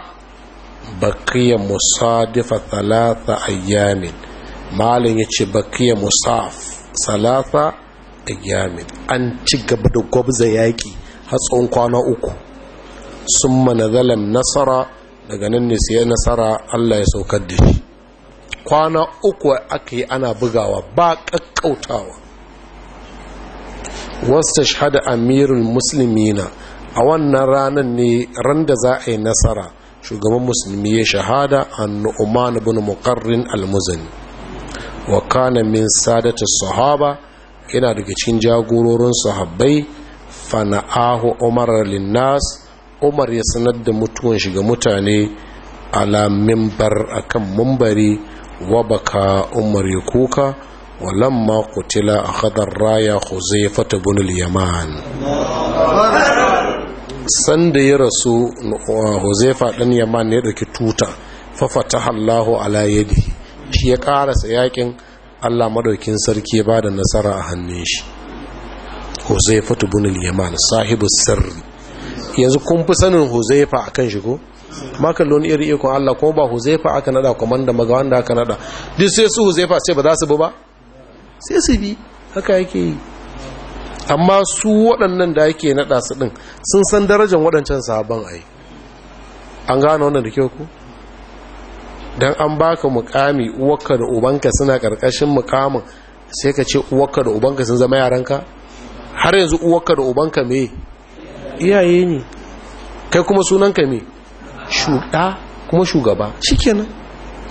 S1: baqiya musadifa thalatha ayyamin malin ya ce bakiya musaf salasa a yamin an ci gaba da gwabza yaƙi hatsun kwana uku sun mana zalam nasara daga nan ne sai nasara allah ya saukar da shi kwana uku aka yi ana bugawa ba ƙaƙƙautawa wasu shahada musulmi na a wannan ranar ne ran da za a yi nasara shugaban musulmi ya shahada an nu'uman bin muqarrin al-muzani wa kana min sadata sahaba yana daga cikin jagororin sahabbai fana'ahu umar linnas umar ya sanar da mutuwan shiga mutane ala mimbar akan mumbari wa baka umar ya kuka walamma kutila akhadha raya huzaifa ibn al-yaman sanda ya rasu huzaifa ɗan yaman ya ɗauki tuta fa fataha Allahu ala yadihi shi ya karasa yakin Allah madaukin sarki ya bada nasara a hannun shi Hosefa ibn yamal sahibu sirri yanzu kun fi sanin Huzaifa akan shi ko makallon iri ikon Allah ko ba Hosefa aka nada komanda maga wanda aka nada duk sai su Hosefa sai ba za su bi ba sai su bi haka yake yi amma su waɗannan da yake nada su din sun san darajar waɗancan sahabban ai an gane wannan da kyau ku don an baka mukami uwarka da ubanka suna karkashin mukamin sai ka ce uwarka da ubanka sun zama yaranka har yanzu uwarka da ubanka me iyaye ne kai kuma sunanka me shuɗa kuma shugaba shikenan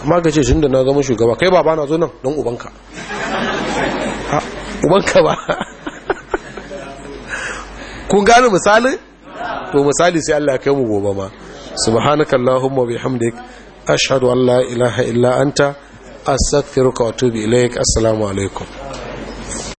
S1: amma ka ce tunda na zama shugaba kai baba na zo nan don ubanka ubanka ba kun gane misali to misali sai Allah ya kai mu gobe ma subhanakallahumma bihamdika ashhadu an ilaha illa anta astaghfiruka wa atubu ilaik assalamu alaikum